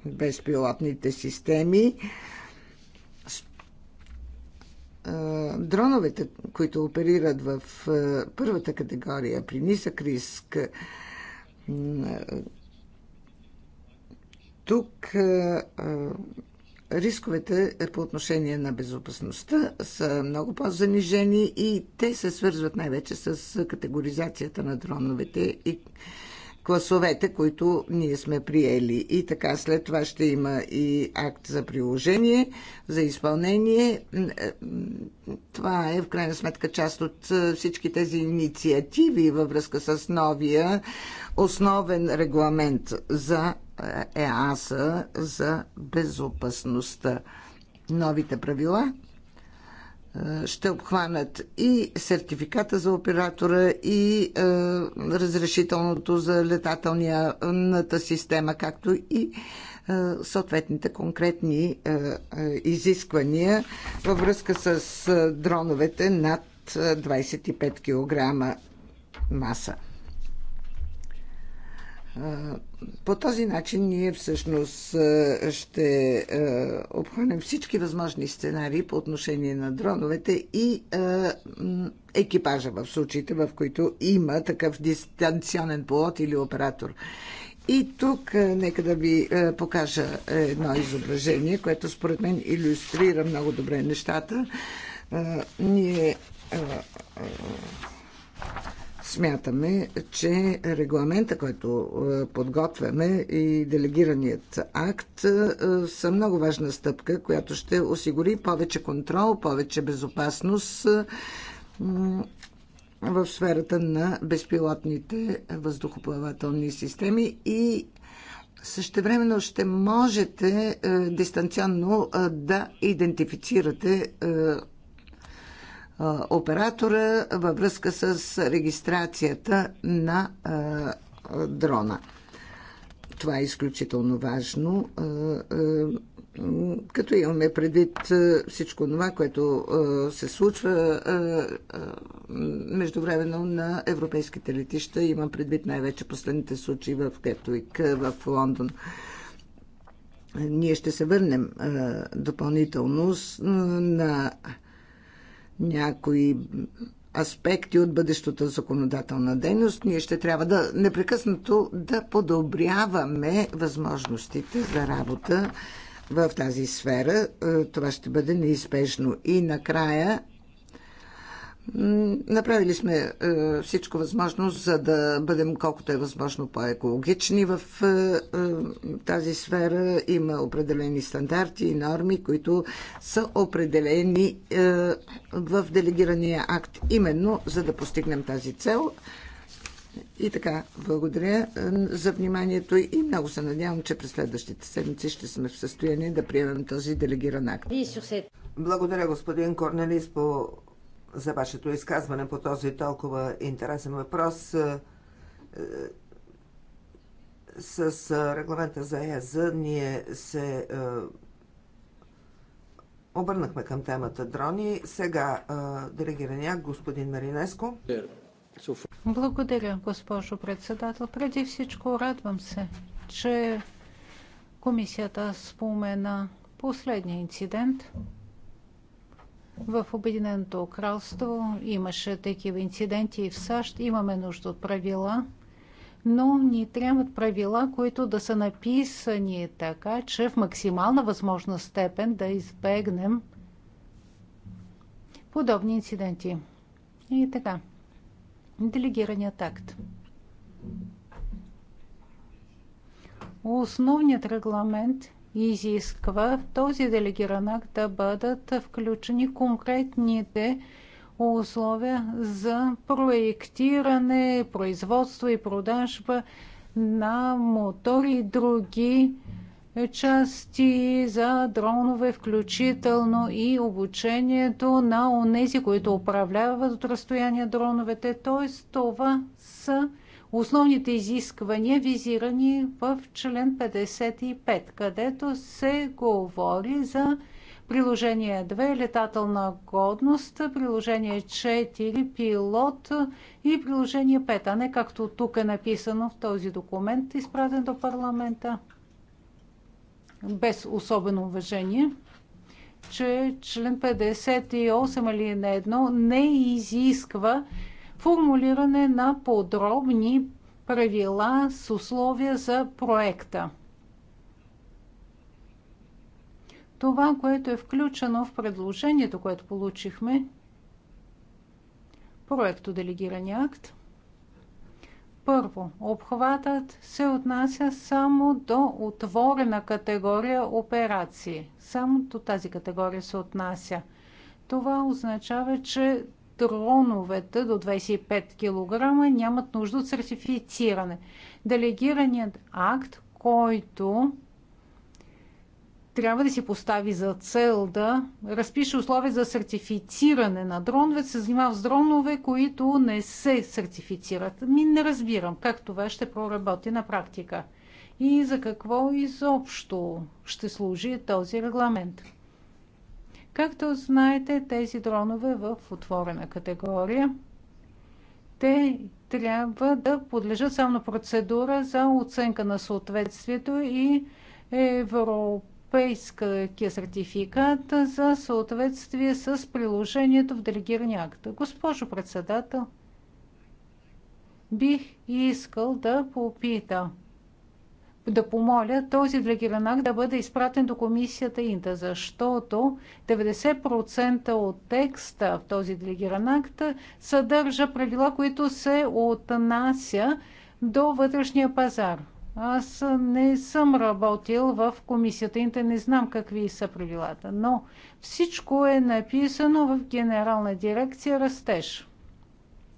безпилотните системи. Дроновете, които оперират в първата категория при нисък риск, тук рисковете по отношение на безопасността са много по-занижени и те се свързват най-вече с категоризацията на дроновете и класовете, които ние сме приели. И така след това ще има и акт за приложение, за изпълнение. Това е в крайна сметка част от всички тези инициативи във връзка с новия основен регламент за ЕАСА за безопасността. Новите правила е, ще обхванат и сертификата за оператора, и е, разрешителното за летателната система, както и е, съответните конкретни е, е, изисквания във връзка с е, дроновете над 25 е, кг маса. Е, по този начин ние всъщност е, ще е, обхванем всички възможни сценарии по отношение на дроновете и е, екипажа в случаите, в които има такъв дистанционен пилот или оператор. И тук нека да ви покажа едно изображение, което според мен иллюстрира много добре нещата. Ние смятаме, че регламента, който е, подготвяме и делегираният акт е, са много важна стъпка, която ще осигури повече контрол, повече безопасност е, в сферата на безпилотните въздухоплавателни системи и същевременно ще можете дистанционно да идентифицирате оператора във връзка с регистрацията на дрона. Това е изключително важно, като имаме предвид всичко това, което се случва междувременно на европейските летища. Имам предвид най-вече последните случаи в Кетуик, в Лондон. Ние ще се върнем допълнително на някои аспекти от бъдещата законодателна дейност, ние ще трябва да непрекъснато да подобряваме възможностите за работа в тази сфера. Е, това ще бъде неизбежно. И накрая Направили сме е, всичко възможно, за да бъдем колкото е възможно по-екологични в е, е, тази сфера. Има определени стандарти и норми, които са определени в делегирания акт, именно за да постигнем тази цел. И така, благодаря за вниманието и много се надявам, че през следващите седмици ще сме в състояние да приемем този делегиран акт. Благодаря, господин Корнелис, по за вашето изказване по този толкова интересен въпрос. Е, е, с е, регламента за ЕЗ ние се обърнахме към темата дрони. Сега делегирания господин Маринеско. Благодаря, госпожо председател. Преди всичко радвам се, че комисията спомена последния инцидент – в Обединеното кралство имаше такива инциденти и в САЩ. Имаме нужда от правила, но ни трябват правила, които да са написани така, че в максимална възможна степен да избегнем подобни инциденти. И така. Делегираният акт. Основният регламент изисква в този делегиран акт да бъдат включени конкретните условия за проектиране, производство и продажба на мотори и други части за дронове, включително и обучението на онези, които управляват от разстояние дроновете. Т.е. това са основните изисквания, визирани в член 55, където се говори за приложение 2 летателна годност, приложение 4 пилот и приложение 5, а не както тук е написано в този документ, изпратен до парламента без особено уважение че член 58 или на едно не изисква формулиране на подробни правила с условия за проекта. Това, което е включено в предложението, което получихме, проекто делегирани акт, първо, обхватът се отнася само до отворена категория операции. Само до тази категория се отнася. Това означава, че Троновете до 25 кг нямат нужда от сертифициране. Делегираният акт, който трябва да си постави за цел да разпише условия за сертифициране на дронове, се занимава с дронове, които не се сертифицират. Ми не разбирам как това ще проработи на практика и за какво изобщо ще служи този регламент. Както знаете, тези дронове в отворена категория, те трябва да подлежат само процедура за оценка на съответствието и европейския сертификат за съответствие с приложението в делегирани акта. Госпожо председател, бих искал да попитам да помоля този делегиран да бъде изпратен до комисията Инта, защото 90% от текста в този делегиран съдържа правила, които се отнася до вътрешния пазар. Аз не съм работил в комисията Инта, не знам какви са правилата, но всичко е написано в Генерална дирекция Растеж.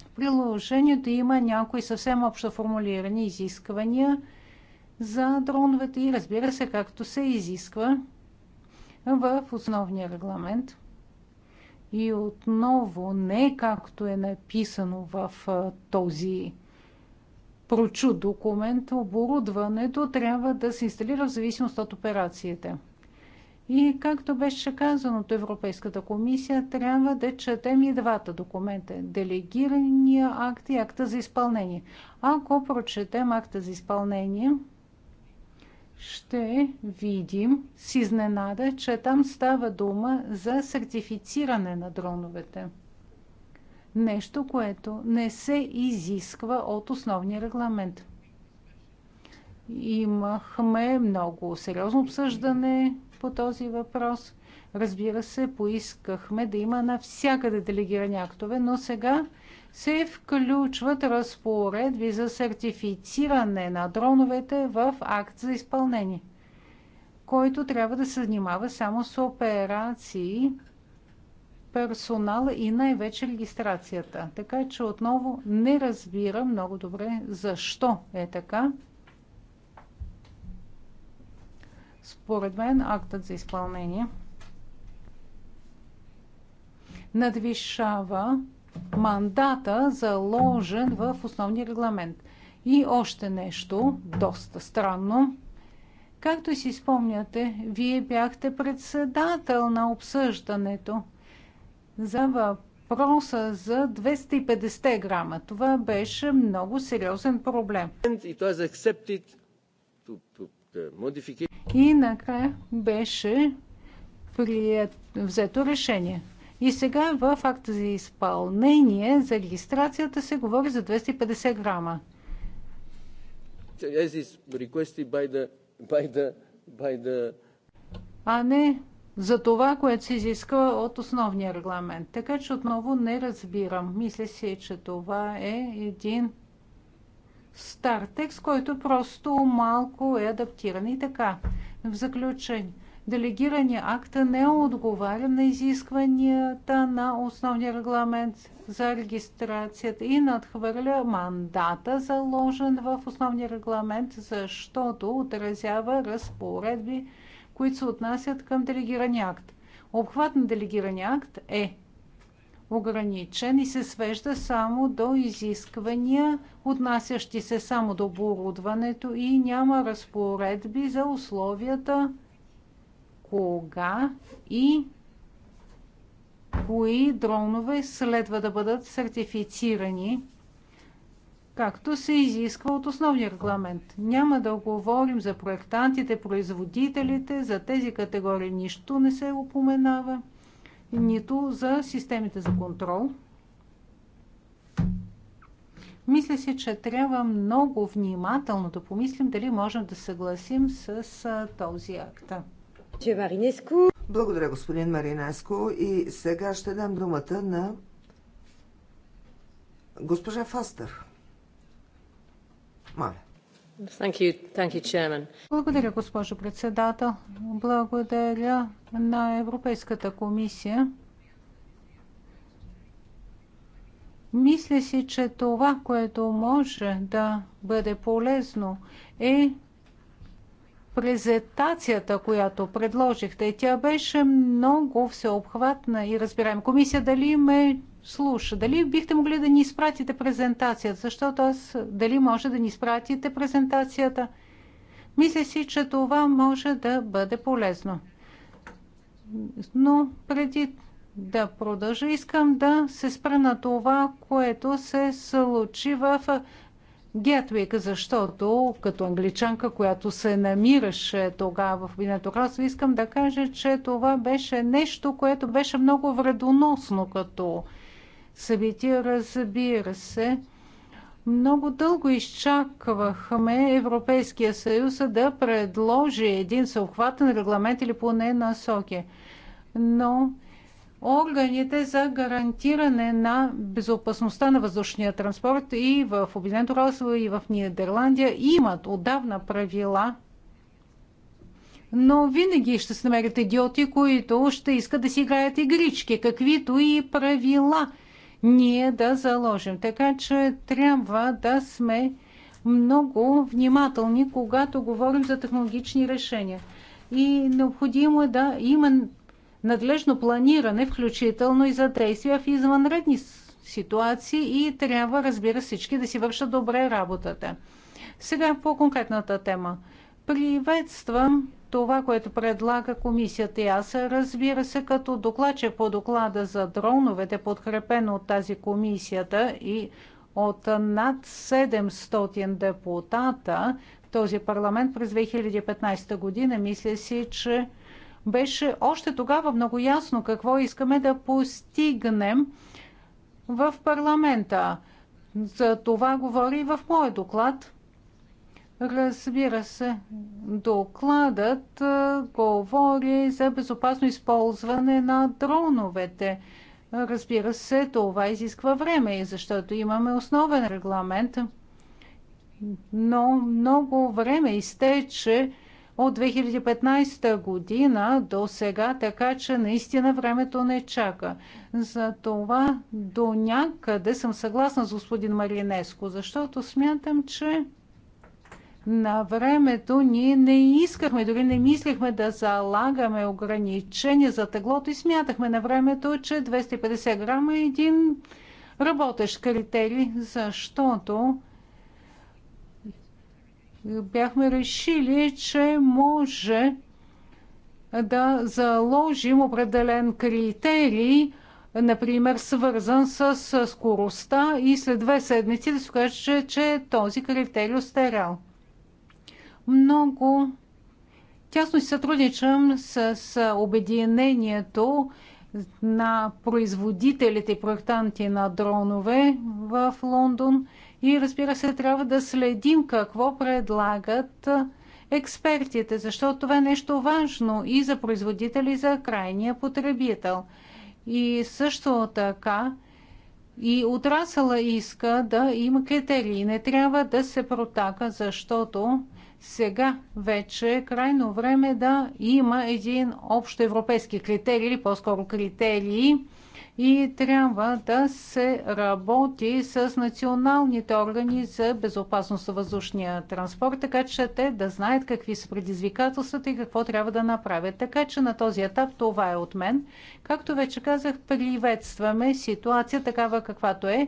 В приложението има някои съвсем общо формулирани изисквания – за дроновете и разбира се, както се изисква в основния регламент. И отново не както е написано в този прочу документ, оборудването трябва да се инсталира в зависимост от операциите. И както беше казано от Европейската комисия, трябва да четем и двата документа – делегирания акт и акта за изпълнение. Ако прочетем акта за изпълнение – ще видим с изненада, че там става дума за сертифициране на дроновете. Нещо, което не се изисква от основния регламент. Имахме много сериозно обсъждане по този въпрос. Разбира се, поискахме да има навсякъде делегирани актове, но сега се включват разпоредби за сертифициране на дроновете в акт за изпълнение, който трябва да се занимава само с операции, персонала и най-вече регистрацията. Така че отново не разбира много добре защо е така. Според мен актът за изпълнение надвишава мандата, заложен в основния регламент. И още нещо, доста странно. Както си спомняте, вие бяхте председател на обсъждането за въпроса за 250 грама. Това беше много сериозен проблем. И накрая беше взето решение. И сега в акта за изпълнение, за регистрацията се говори за 250 грама. By the, by the... А не за това, което се изисква от основния регламент. Така че отново не разбирам. Мисля си, че това е един стар текст, който просто малко е адаптиран и така. В заключение, делегирания акт не отговаря на изискванията на основния регламент за регистрацията и надхвърля мандата, заложен в основния регламент, защото отразява разпоредби, които се отнасят към делегирания акт. Обхват на делегирания акт е ограничен и се свежда само до изисквания, отнасящи се само до оборудването и няма разпоредби за условията кога и кои дронове следва да бъдат сертифицирани, както се изисква от основния регламент. Няма да говорим за проектантите, производителите, за тези категории нищо не се упоменава, нито за системите за контрол. Мисля си, че трябва много внимателно да помислим дали можем да съгласим с този акт. Благодаря, господин Маринеско. И сега ще дам думата на госпожа Фастър. Маля. Thank you. Thank you, Благодаря, госпожо председател. Благодаря на Европейската комисия. Мисля си, че това, което може да бъде полезно е презентацията, която предложихте. Тя беше много всеобхватна и разбираем. Комисия дали ме слуша? Дали бихте могли да ни изпратите презентацията? Защото аз дали може да ни изпратите презентацията? Мисля си, че това може да бъде полезно. Но преди да продължа, искам да се спра на това, което се случи в Гетвейка, защото като англичанка, която се намираше тогава в Обединеното кралство, искам да кажа, че това беше нещо, което беше много вредоносно като събитие, разбира се. Много дълго изчаквахме Европейския съюз да предложи един съобхватен регламент или поне насоки. Но органите за гарантиране на безопасността на въздушния транспорт и в Обединеното кралство, и в Нидерландия имат отдавна правила, но винаги ще се намерят идиоти, които ще искат да си играят игрички, каквито и правила ние да заложим. Така че трябва да сме много внимателни, когато говорим за технологични решения. И необходимо е да има надлежно планиране, включително и за действия в извънредни ситуации и трябва, разбира всички, да си вършат добре работата. Сега по конкретната тема. Приветствам това, което предлага комисията и аз, разбира се, като докладчик по доклада за дроновете, подкрепено от тази комисията и от над 700 депутата в този парламент през 2015 година, мисля си, че беше още тогава много ясно какво искаме да постигнем в парламента. За това говори и в моят доклад. Разбира се, докладът говори за безопасно използване на дроновете. Разбира се, това изисква време, защото имаме основен регламент. Но много време изтече, от 2015 година до сега, така че наистина времето не чака. За това до някъде съм съгласна с господин Маринеско, защото смятам, че на времето ние не искахме, дори не мислихме да залагаме ограничения за теглото и смятахме на времето, че 250 грама е един работещ критерий, защото бяхме решили, че може да заложим определен критерий, например, свързан с скоростта и след две седмици да се каже, че този критерий остарял. Е Много тясно си сътрудничам с обединението на производителите и проектанти на дронове в Лондон – и разбира се, трябва да следим какво предлагат експертите, защото това е нещо важно и за производители, и за крайния потребител. И също така и отрасъла иска да има критерии. Не трябва да се протака, защото сега вече е крайно време да има един общо европейски критерий или по-скоро критерии и трябва да се работи с националните органи за безопасност на въздушния транспорт, така че те да знаят какви са предизвикателствата и какво трябва да направят. Така че на този етап това е от мен. Както вече казах, приветстваме ситуация такава каквато е.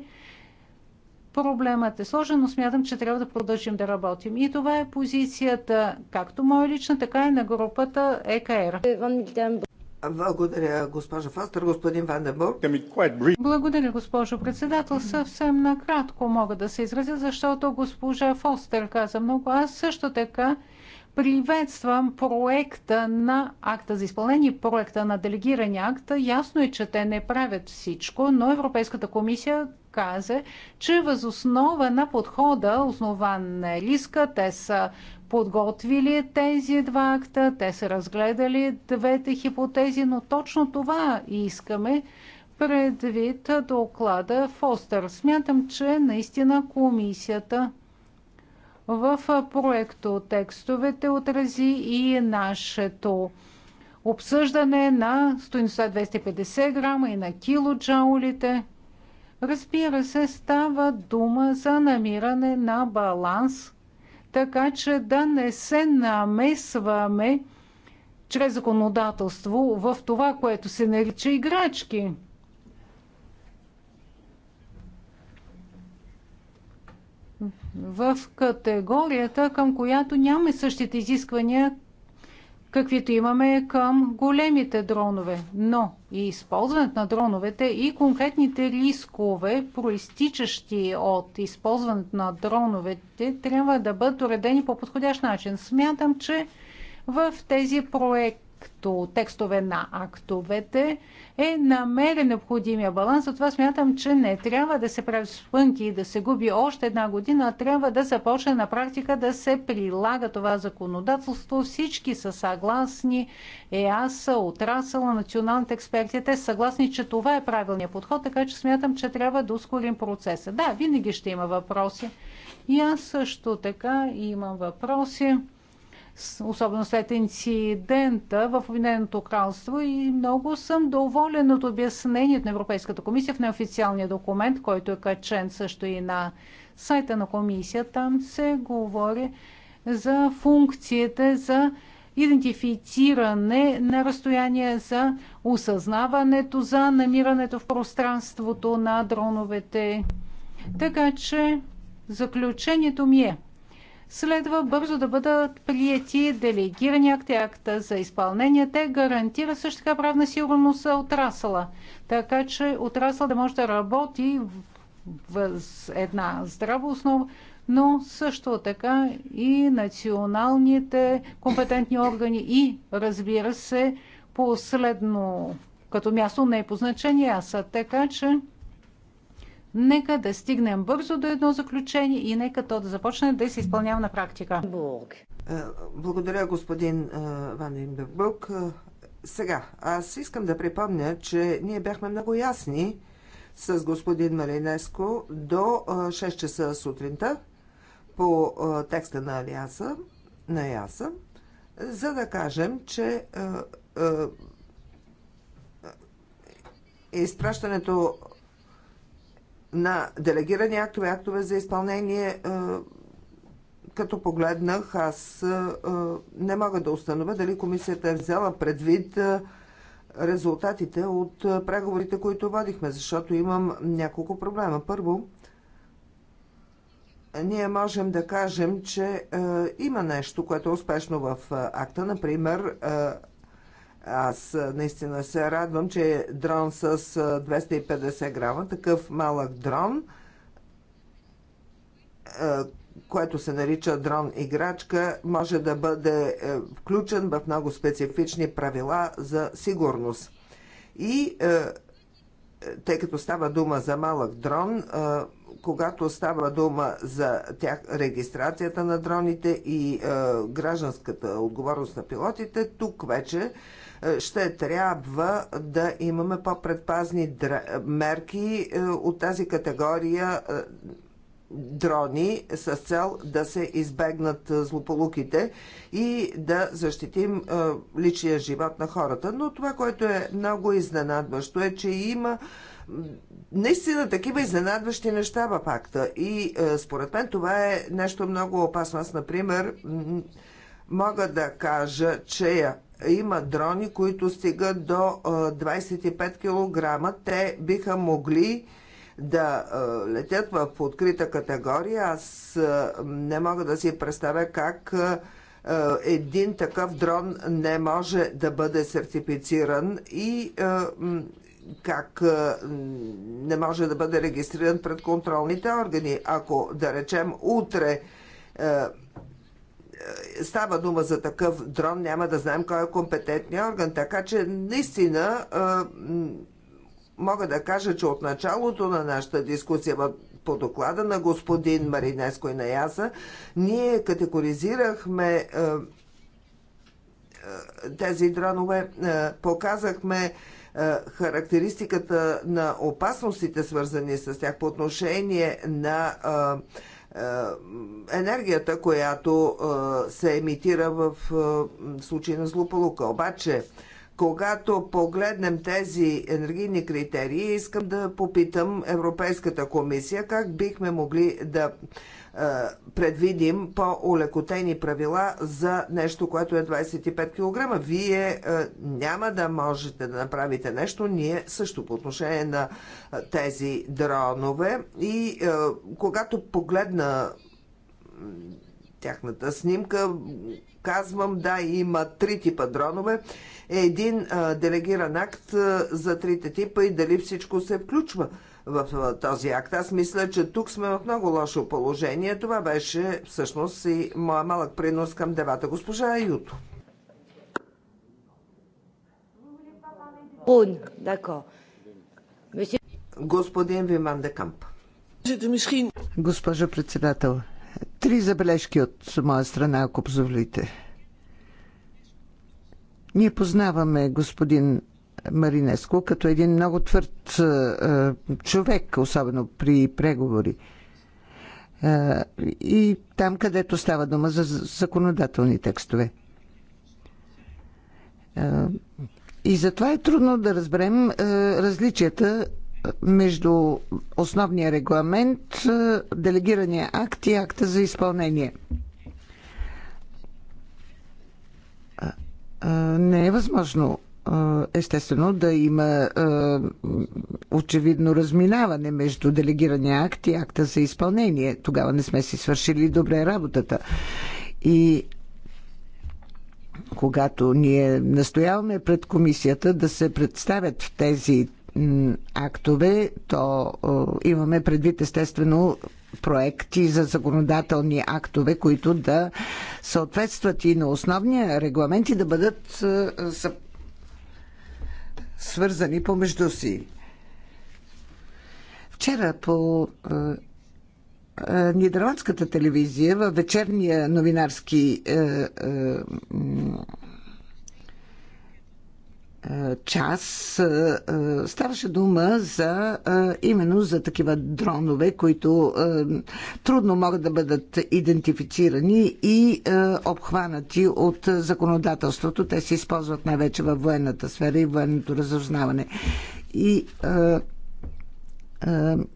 Проблемът е сложен, но смятам, че трябва да продължим да работим. И това е позицията, както моя лична, така и на групата ЕКР. Благодаря, госпожа Фастер. Господин Ванденбург. Благодаря, госпожо председател. Съвсем накратко мога да се изразя, защото госпожа Фостер каза много. Аз също така приветствам проекта на акта за изпълнение, проекта на делегирани акта. Ясно е, че те не правят всичко, но Европейската комисия каза, че възоснова на подхода, основан на риска, те са подготвили тези два акта, те са разгледали двете хипотези, но точно това искаме предвид доклада Фостер. Смятам, че наистина комисията в проекто текстовете отрази и нашето обсъждане на стоеността 250 грама и на килоджаулите – Разбира се, става дума за намиране на баланс, така че да не се намесваме чрез законодателство в това, което се нарича играчки. В категорията, към която нямаме същите изисквания каквито имаме към големите дронове. Но и използването на дроновете и конкретните рискове, проистичащи от използването на дроновете, трябва да бъдат уредени по подходящ начин. Смятам, че в тези проекти като текстове на актовете, е намерен е необходимия баланс. Затова смятам, че не трябва да се прави спънки и да се губи още една година, а трябва да започне на практика да се прилага това законодателство. Всички са съгласни, ЕАС, отрасъла, националните експерти, те са съгласни, че това е правилният подход, така че смятам, че трябва да ускорим процеса. Да, винаги ще има въпроси. И аз също така имам въпроси особено след инцидента в Обединеното кралство и много съм доволен от обяснението на Европейската комисия в неофициалния документ, който е качен също и на сайта на комисията. Там се говори за функциите за идентифициране на разстояние за осъзнаването, за намирането в пространството на дроновете. Така че заключението ми е – следва бързо да бъдат прияти делегирани акти, акта за изпълнение. Те гарантира също така правна сигурност за отрасъла, така че отрасъл да може да работи в една здрава основа, но също така и националните компетентни органи и, разбира се, последно като място не е по значение са Така че Нека да стигнем бързо до едно заключение и нека то да започне да се изпълнява на практика. Е, благодаря, господин е, Ван Индебург. Е, сега, аз искам да припомня, че ние бяхме много ясни с господин Малинеско до 6 часа сутринта по текста на Алиаса, на Яса, за да кажем, че изпращането на делегирани актове, актове за изпълнение, е, като погледнах, аз е, е, не мога да установя дали комисията е взела предвид резултатите от преговорите, които водихме, защото имам няколко проблема. Първо, ние можем да кажем, че е, има нещо, което е успешно в е, акта. Например, е, аз наистина се радвам, че е дрон с 250 грама, такъв малък дрон, което се нарича дрон играчка, може да бъде е, включен в много специфични правила за сигурност. И е, е, тъй като става дума за малък дрон, когато става дума за тях, регистрацията на дроните и е, гражданската отговорност на пилотите, тук вече е, ще трябва да имаме по-предпазни мерки е, от тази категория е, дрони с цел да се избегнат злополуките и да защитим личния живот на хората. Но това, което е много изненадващо е, че има наистина такива изненадващи неща в акта. И е, според мен това е нещо много опасно. Аз, например, мога да кажа, че има дрони, които стигат до 25 е, кг. Те биха могли да е, летят в открита категория. Аз не мога да си представя как един такъв дрон не може да бъде сертифициран и как не може да бъде регистриран пред контролните органи. Ако, да речем, утре става дума за такъв дрон, няма да знаем кой е компетентният орган. Така че наистина мога да кажа, че от началото на нашата дискусия по доклада на господин Маринеско и на Яса, ние категоризирахме тези дронове, показахме е, характеристиката на опасностите, свързани с тях по отношение на е, е, енергията, която се емитира в случай на злополука. Обаче, когато погледнем тези енергийни критерии, искам да попитам Европейската комисия как бихме могли да е, предвидим по-улекотени правила за нещо, което е 25 кг. Вие е, няма да можете да направите нещо, ние също по отношение на е, тези дронове. И когато погледна тяхната снимка, казвам, да, има три типа дронове. Един делегиран акт за трите типа и дали всичко се включва – в този акт. Аз мисля, че тук сме в много лошо положение. Това беше всъщност и моя малък принос към дебата. Госпожа Юто. Господин Виман де Камп. Госпожа председател, три забележки от моя страна, ако позволите. Ние познаваме господин Маринеско като един много твърд е, е, човек, особено при преговори. Е, и там, където става дума за законодателни текстове. И затова е трудно да разберем различията между основния регламент, делегирания акт и акта за изпълнение. Не е възможно естествено да има очевидно разминаване между делегирания акт и акта за изпълнение. Тогава не сме си свършили добре работата. И когато ние настояваме пред комисията да се представят в тези актове, то имаме предвид естествено проекти за законодателни актове, които да съответстват и на основния регламент и да бъдат свързани помежду си. Вчера по е, е, нидерландската телевизия във вечерния новинарски е, час ставаше дума за именно за такива дронове, които трудно могат да бъдат идентифицирани и обхванати от законодателството. Те се използват най-вече във военната сфера и военното разузнаване. И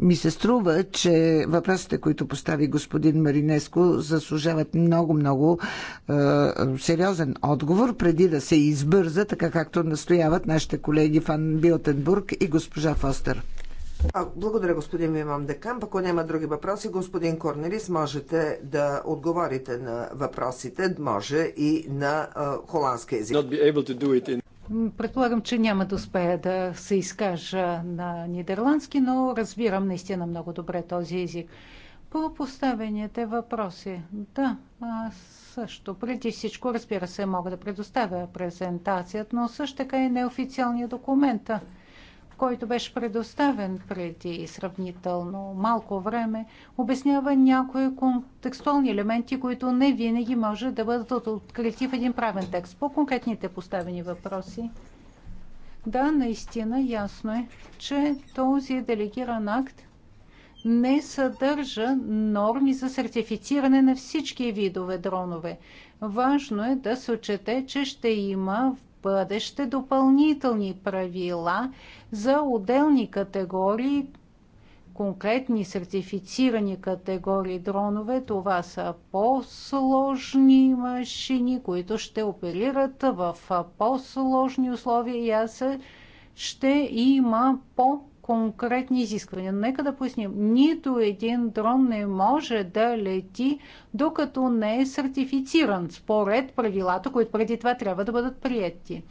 ми се струва, че въпросите, които постави господин Маринеско, заслужават много-много е, сериозен отговор, преди да се избърза, така както настояват нашите колеги Фан Билтенбург и госпожа Фостер. Благодаря, господин Вимам Декамп. Ако няма други въпроси, господин Корнелис, можете да отговорите на въпросите, може и на е, холандски език. Предполагам, че няма да успея да се изкажа на нидерландски, но разбирам наистина много добре този език. По поставените въпроси, да, аз също. Преди всичко, разбира се, мога да предоставя презентацията, но също така и неофициалния документ който беше предоставен преди сравнително малко време, обяснява някои контекстуални елементи, които не винаги може да бъдат открити в един правен текст. По конкретните поставени въпроси. Да, наистина ясно е, че този делегиран акт не съдържа норми за сертифициране на всички видове дронове. Важно е да се отчете, че ще има бъдеще допълнителни правила за отделни категории, конкретни сертифицирани категории дронове. Това са по-сложни машини, които ще оперират в по-сложни условия и аз ще има по конкретни изисквания. Нека да поясним. Нито един дрон не може да лети, докато не е сертифициран според правилата, които преди това трябва да бъдат приети.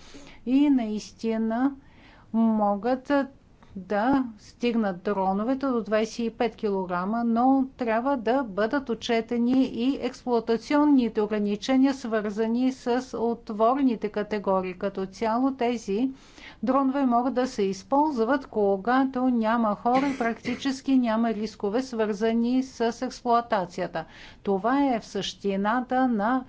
И наистина могат да стигнат дроновете до 25 кг, но трябва да бъдат отчетени и експлуатационните ограничения, свързани с отворените категории. Като цяло тези дронове могат да се използват, когато няма хора и практически няма рискове, свързани с експлоатацията. Това е в същината на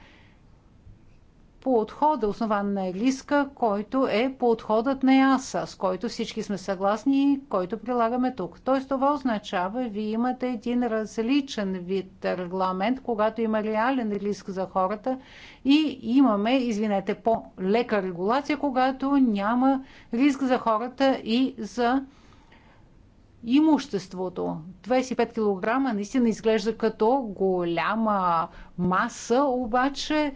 подхода, основан на Елиска, който е подходът на ЯСА, с който всички сме съгласни и който прилагаме тук. Т.е. това означава, вие имате един различен вид регламент, когато има реален риск за хората и имаме, извинете, по-лека регулация, когато няма риск за хората и за имуществото. 25 кг наистина изглежда като голяма маса, обаче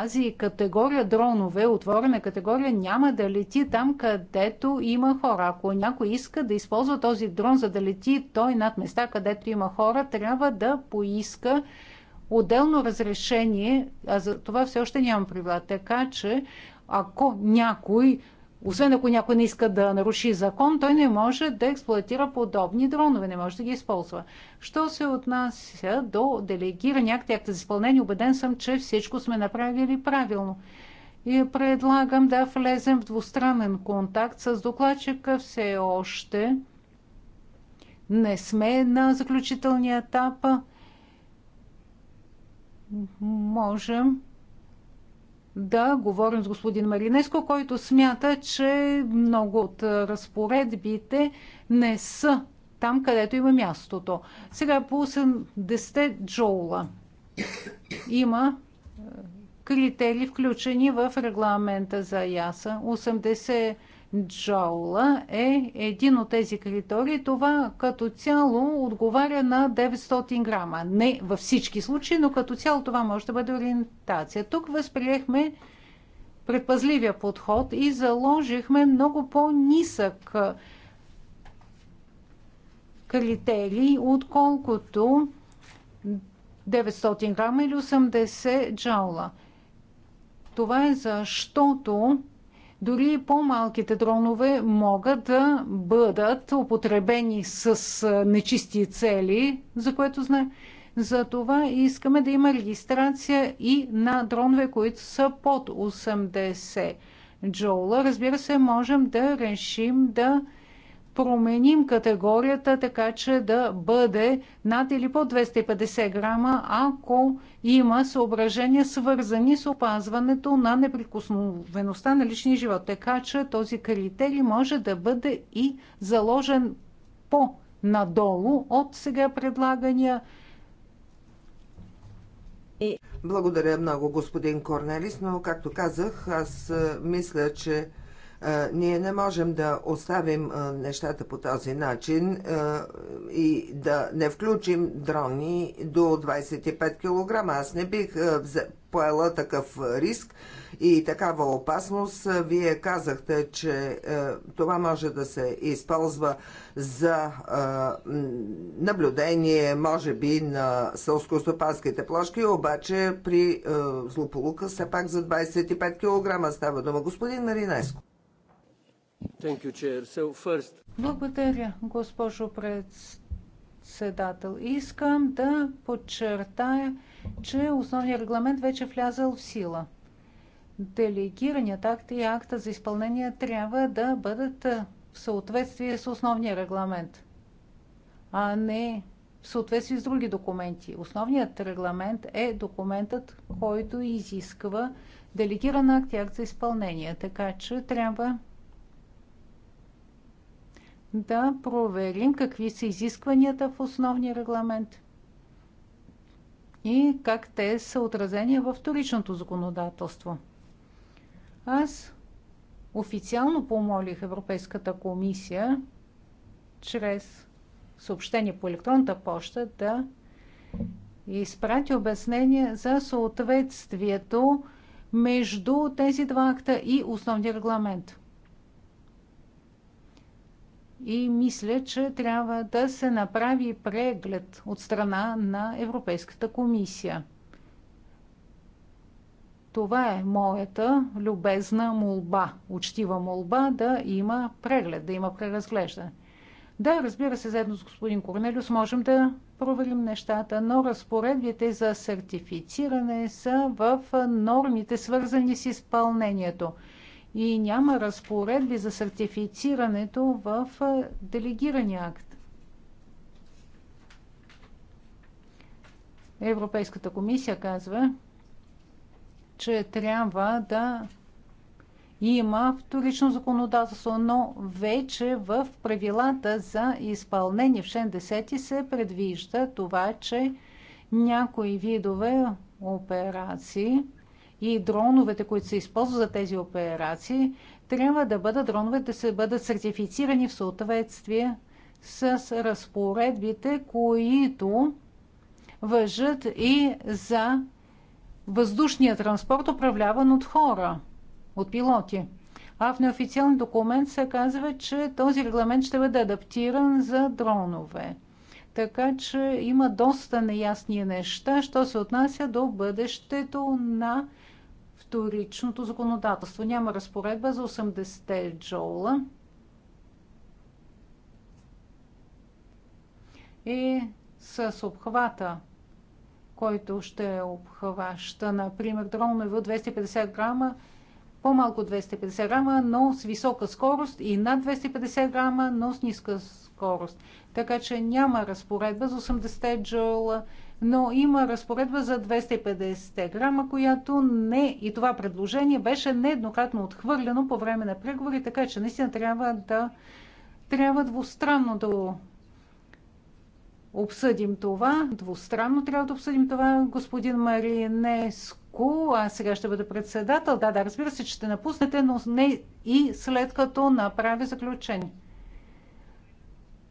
тази категория дронове, отворена категория, няма да лети там, където има хора. Ако някой иска да използва този дрон, за да лети той над места, където има хора, трябва да поиска отделно разрешение, а за това все още няма правила. Така че, ако някой освен ако някой не иска да наруши закон, той не може да експлуатира подобни дронове, не може да ги използва. Що се отнася до делегирани акти, акта за изпълнение, убеден съм, че всичко сме направили правилно. И предлагам да влезем в двустранен контакт с докладчика все още. Не сме на заключителния етап. Можем да говорим с господин Маринеско, който смята, че много от разпоредбите не са там, където има мястото. Сега по 80 джоула има е, критерии, включени в регламента за яса. 80 Джаула е един от тези критерии. Това като цяло отговаря на 900 грама. Не във всички случаи, но като цяло това може да бъде ориентация. Тук възприехме предпазливия подход и заложихме много по-нисък критерий, отколкото 900 грама или 80 джаула. Това е защото дори по-малките дронове могат да бъдат употребени с нечисти цели, за което знаем. За това искаме да има регистрация и на дронове, които са под 80 джоула. Разбира се, можем да решим да променим категорията, така че да бъде над или под 250 грама, ако има съображения свързани с опазването на неприкосновеността на личния живот. Така че този критерий може да бъде и заложен по-надолу от сега предлагания благодаря много, господин Корнелис, но както казах, аз мисля, че ние не можем да оставим нещата по този начин и да не включим дрони до 25 кг. Аз не бих поела такъв риск и такава опасност. Вие казахте, че това може да се използва за наблюдение, може би, на сълскостопанските плошки, обаче при злополука все пак за 25 кг става дума. Господин Маринеско. Благодаря, госпожо председател. Искам да подчертая, че основният регламент вече е влязъл в сила. Делегираният акт и акта за изпълнение трябва да бъдат в съответствие с основния регламент, а не в съответствие с други документи. Основният регламент е документът, който изисква делегиран акт и акт за изпълнение, така че трябва да проверим какви са изискванията в основния регламент и как те са отразени във вторичното законодателство. Аз официално помолих Европейската комисия чрез съобщение по електронната поща да изпрати обяснение за съответствието между тези два акта и основния регламент и мисля, че трябва да се направи преглед от страна на Европейската комисия. Това е моята любезна молба, учтива молба да има преглед, да има преразглеждане. Да, разбира се, заедно с господин Корнелиус можем да проверим нещата, но разпоредбите за сертифициране са в нормите, свързани с изпълнението и няма разпоредби за сертифицирането в делегирания акт. Европейската комисия казва, че трябва да има вторично законодателство, но вече в правилата за изпълнение в член 10 се предвижда това, че някои видове операции – и дроновете, които се използват за тези операции, трябва да бъдат дроновете да се бъдат сертифицирани в съответствие с разпоредбите, които въжат и за въздушния транспорт, управляван от хора, от пилоти. А в неофициален документ се казва, че този регламент ще бъде адаптиран за дронове. Така че има доста неясни неща, що се отнася до бъдещето на вторичното законодателство. Няма разпоредба за 80 джоула. И с обхвата, който ще обхваща, например, дронове от 250 грама, по-малко 250 грама, но с висока скорост и над 250 грама, но с ниска скорост. Така че няма разпоредба за 80 джоула но има разпоредба за 250 грама, която не, и това предложение беше нееднократно отхвърлено по време на преговори, така че наистина трябва да трябва двустранно да обсъдим това. Двустранно трябва да обсъдим това. Господин Маринеско, а сега ще бъде председател. Да, да, разбира се, че ще напуснете, но не и след като направя заключение.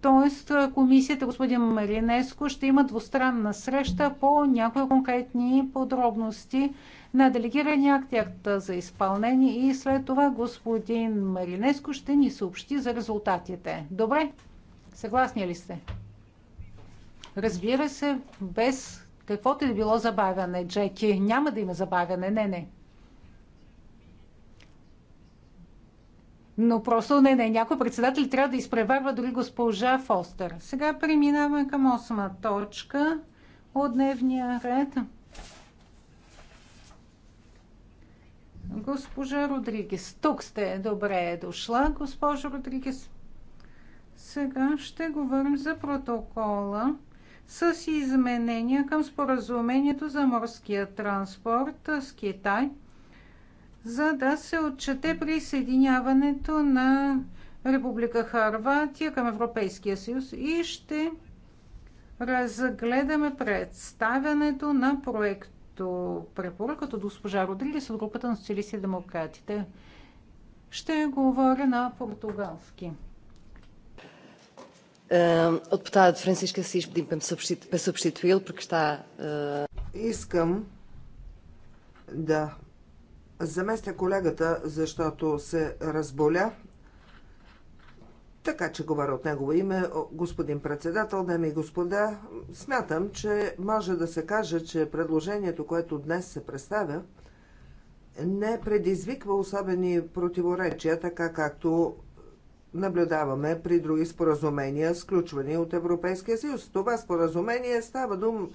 Тоест, комисията, господин Маринеско, ще има двустранна среща по някои конкретни подробности на делегирания акти, акта за изпълнение и след това господин Маринеско ще ни съобщи за резултатите. Добре? Съгласни ли сте? Разбира се, без каквото е било забавяне, Джеки. Няма да има забавяне, не, не. Но просто не, не, някой председател трябва да изпреварва дори госпожа Фостер. Сега преминаваме към осма точка от дневния ред. Госпожа Родригес, тук сте. Добре е дошла, госпожо Родригес. Сега ще говорим за протокола с изменения към споразумението за морския транспорт с Китай – за да се отчете присъединяването на Република Харватия към Европейския съюз и ще разгледаме представянето на проекто препоръката от госпожа Родригес от групата на социалисти и демократите. Ще говоря на португалски. Е, от депутата Франциска си педим para substituí-lo, porque Искам да заместя колегата, защото се разболя. Така че говоря от негово име, господин председател, дами и господа, смятам, че може да се каже, че предложението, което днес се представя, не предизвиква особени противоречия, така както наблюдаваме при други споразумения, сключвани от Европейския съюз. Това споразумение става дума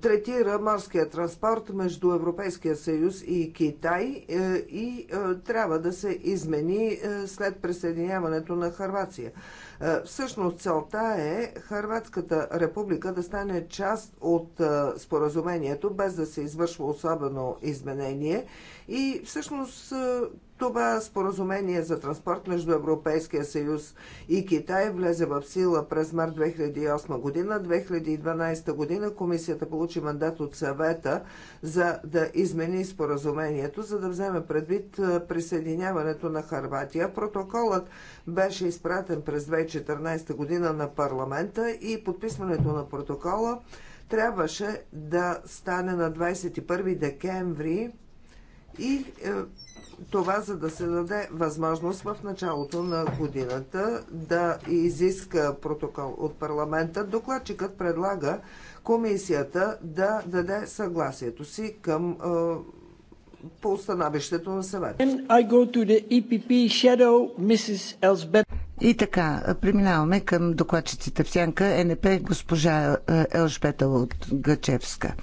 третира морския транспорт между Европейския съюз и Китай е, и е, трябва да се измени е, след присъединяването на Харвация. Всъщност целта е Харватската република да стане част от споразумението, без да се извършва особено изменение – и всъщност е, това споразумение за транспорт между Европейския съюз и Китай влезе в сила през март 2008 година. 2012 година комисията получи мандат от съвета за да измени споразумението, за да вземе предвид е, присъединяването на Харватия. Протоколът беше изпратен през 2014 година на парламента и подписването на протокола трябваше да стане на 21 декември и е, това за да се даде възможност в началото на годината да изиска протокол от парламента. Докладчикът предлага комисията да даде съгласието си към е, по установището на съвета. E и така, преминаваме към докладчиците в сянка е НП госпожа Елжбета от Гачевска.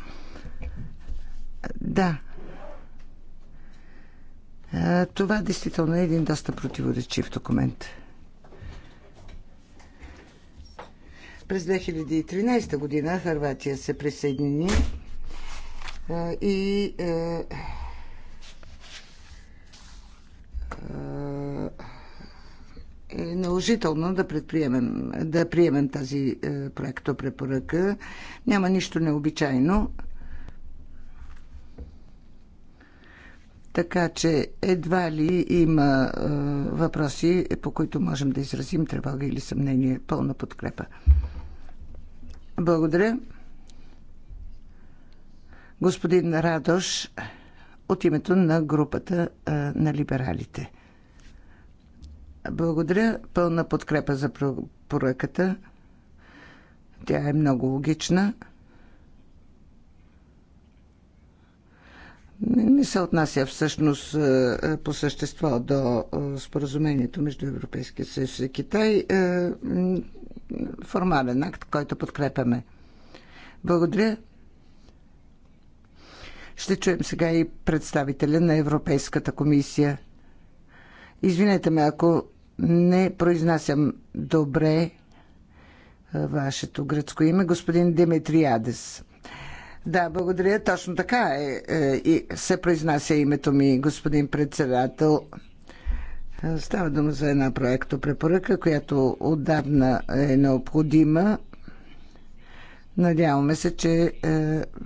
Да, това действително е един доста противоречив документ. През 2013 година Харватия се присъедини и е наложително да предприемем, да приемем тази проекто препоръка. Няма нищо необичайно Така че едва ли има е, въпроси, по които можем да изразим тревога или съмнение. Пълна подкрепа. Благодаря. Господин Радош, от името на групата е, на либералите. Благодаря. Пълна подкрепа за поръката. Тя е много логична. не се отнася всъщност е, е, по същество до е, споразумението между Европейския съюз и Китай. Формален акт, който подкрепяме. Благодаря. Ще чуем сега и представителя на Европейската комисия. Извинете ме, ако не произнасям добре вашето гръцко име, господин Димитриадес. Да, благодаря. Точно така е, е. И се произнася името ми, господин председател. Става дума за една препоръка, която отдавна е необходима. Надяваме се, че е,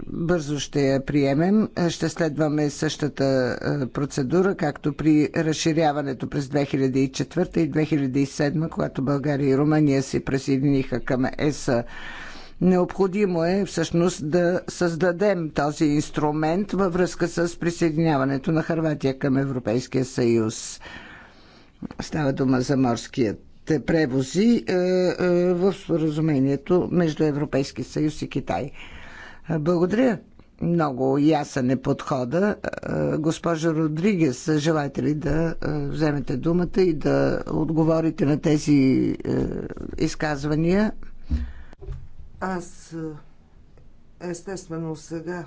бързо ще я приемем. Ще следваме същата е, процедура, както при разширяването през 2004 и 2007, когато България и Румъния се присъединиха към ЕСА. Необходимо е всъщност да създадем този инструмент във връзка с присъединяването на Харватия към Европейския съюз. Става дума за морският превози е, е, в споразумението между Европейския съюз и Китай. Благодаря. Много ясен е подхода. Е, Госпожа Родригес, желаете ли да вземете думата и да отговорите на тези изказвания? Аз естествено сега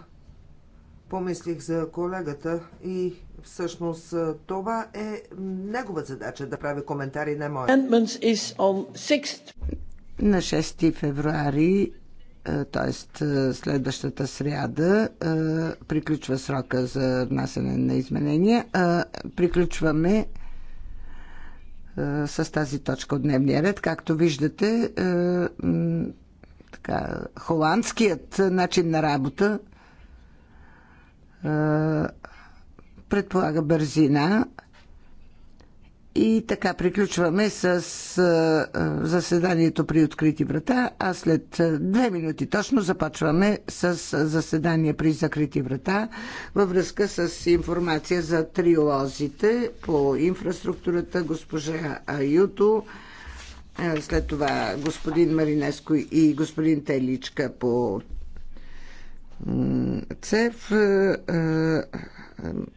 помислих за колегата и всъщност това е негова задача да прави коментари, не моя. На 6 февруари т.е. следващата сряда приключва срока за внасяне на изменения. Приключваме с тази точка от дневния ред. Както виждате, така, холандският начин на работа предполага бързина. И така приключваме с заседанието при открити врата, а след две минути точно започваме с заседание при закрити врата във връзка с информация за триолозите по инфраструктурата госпожа Аюто. След това господин Маринеско и господин Теличка по ЦЕФ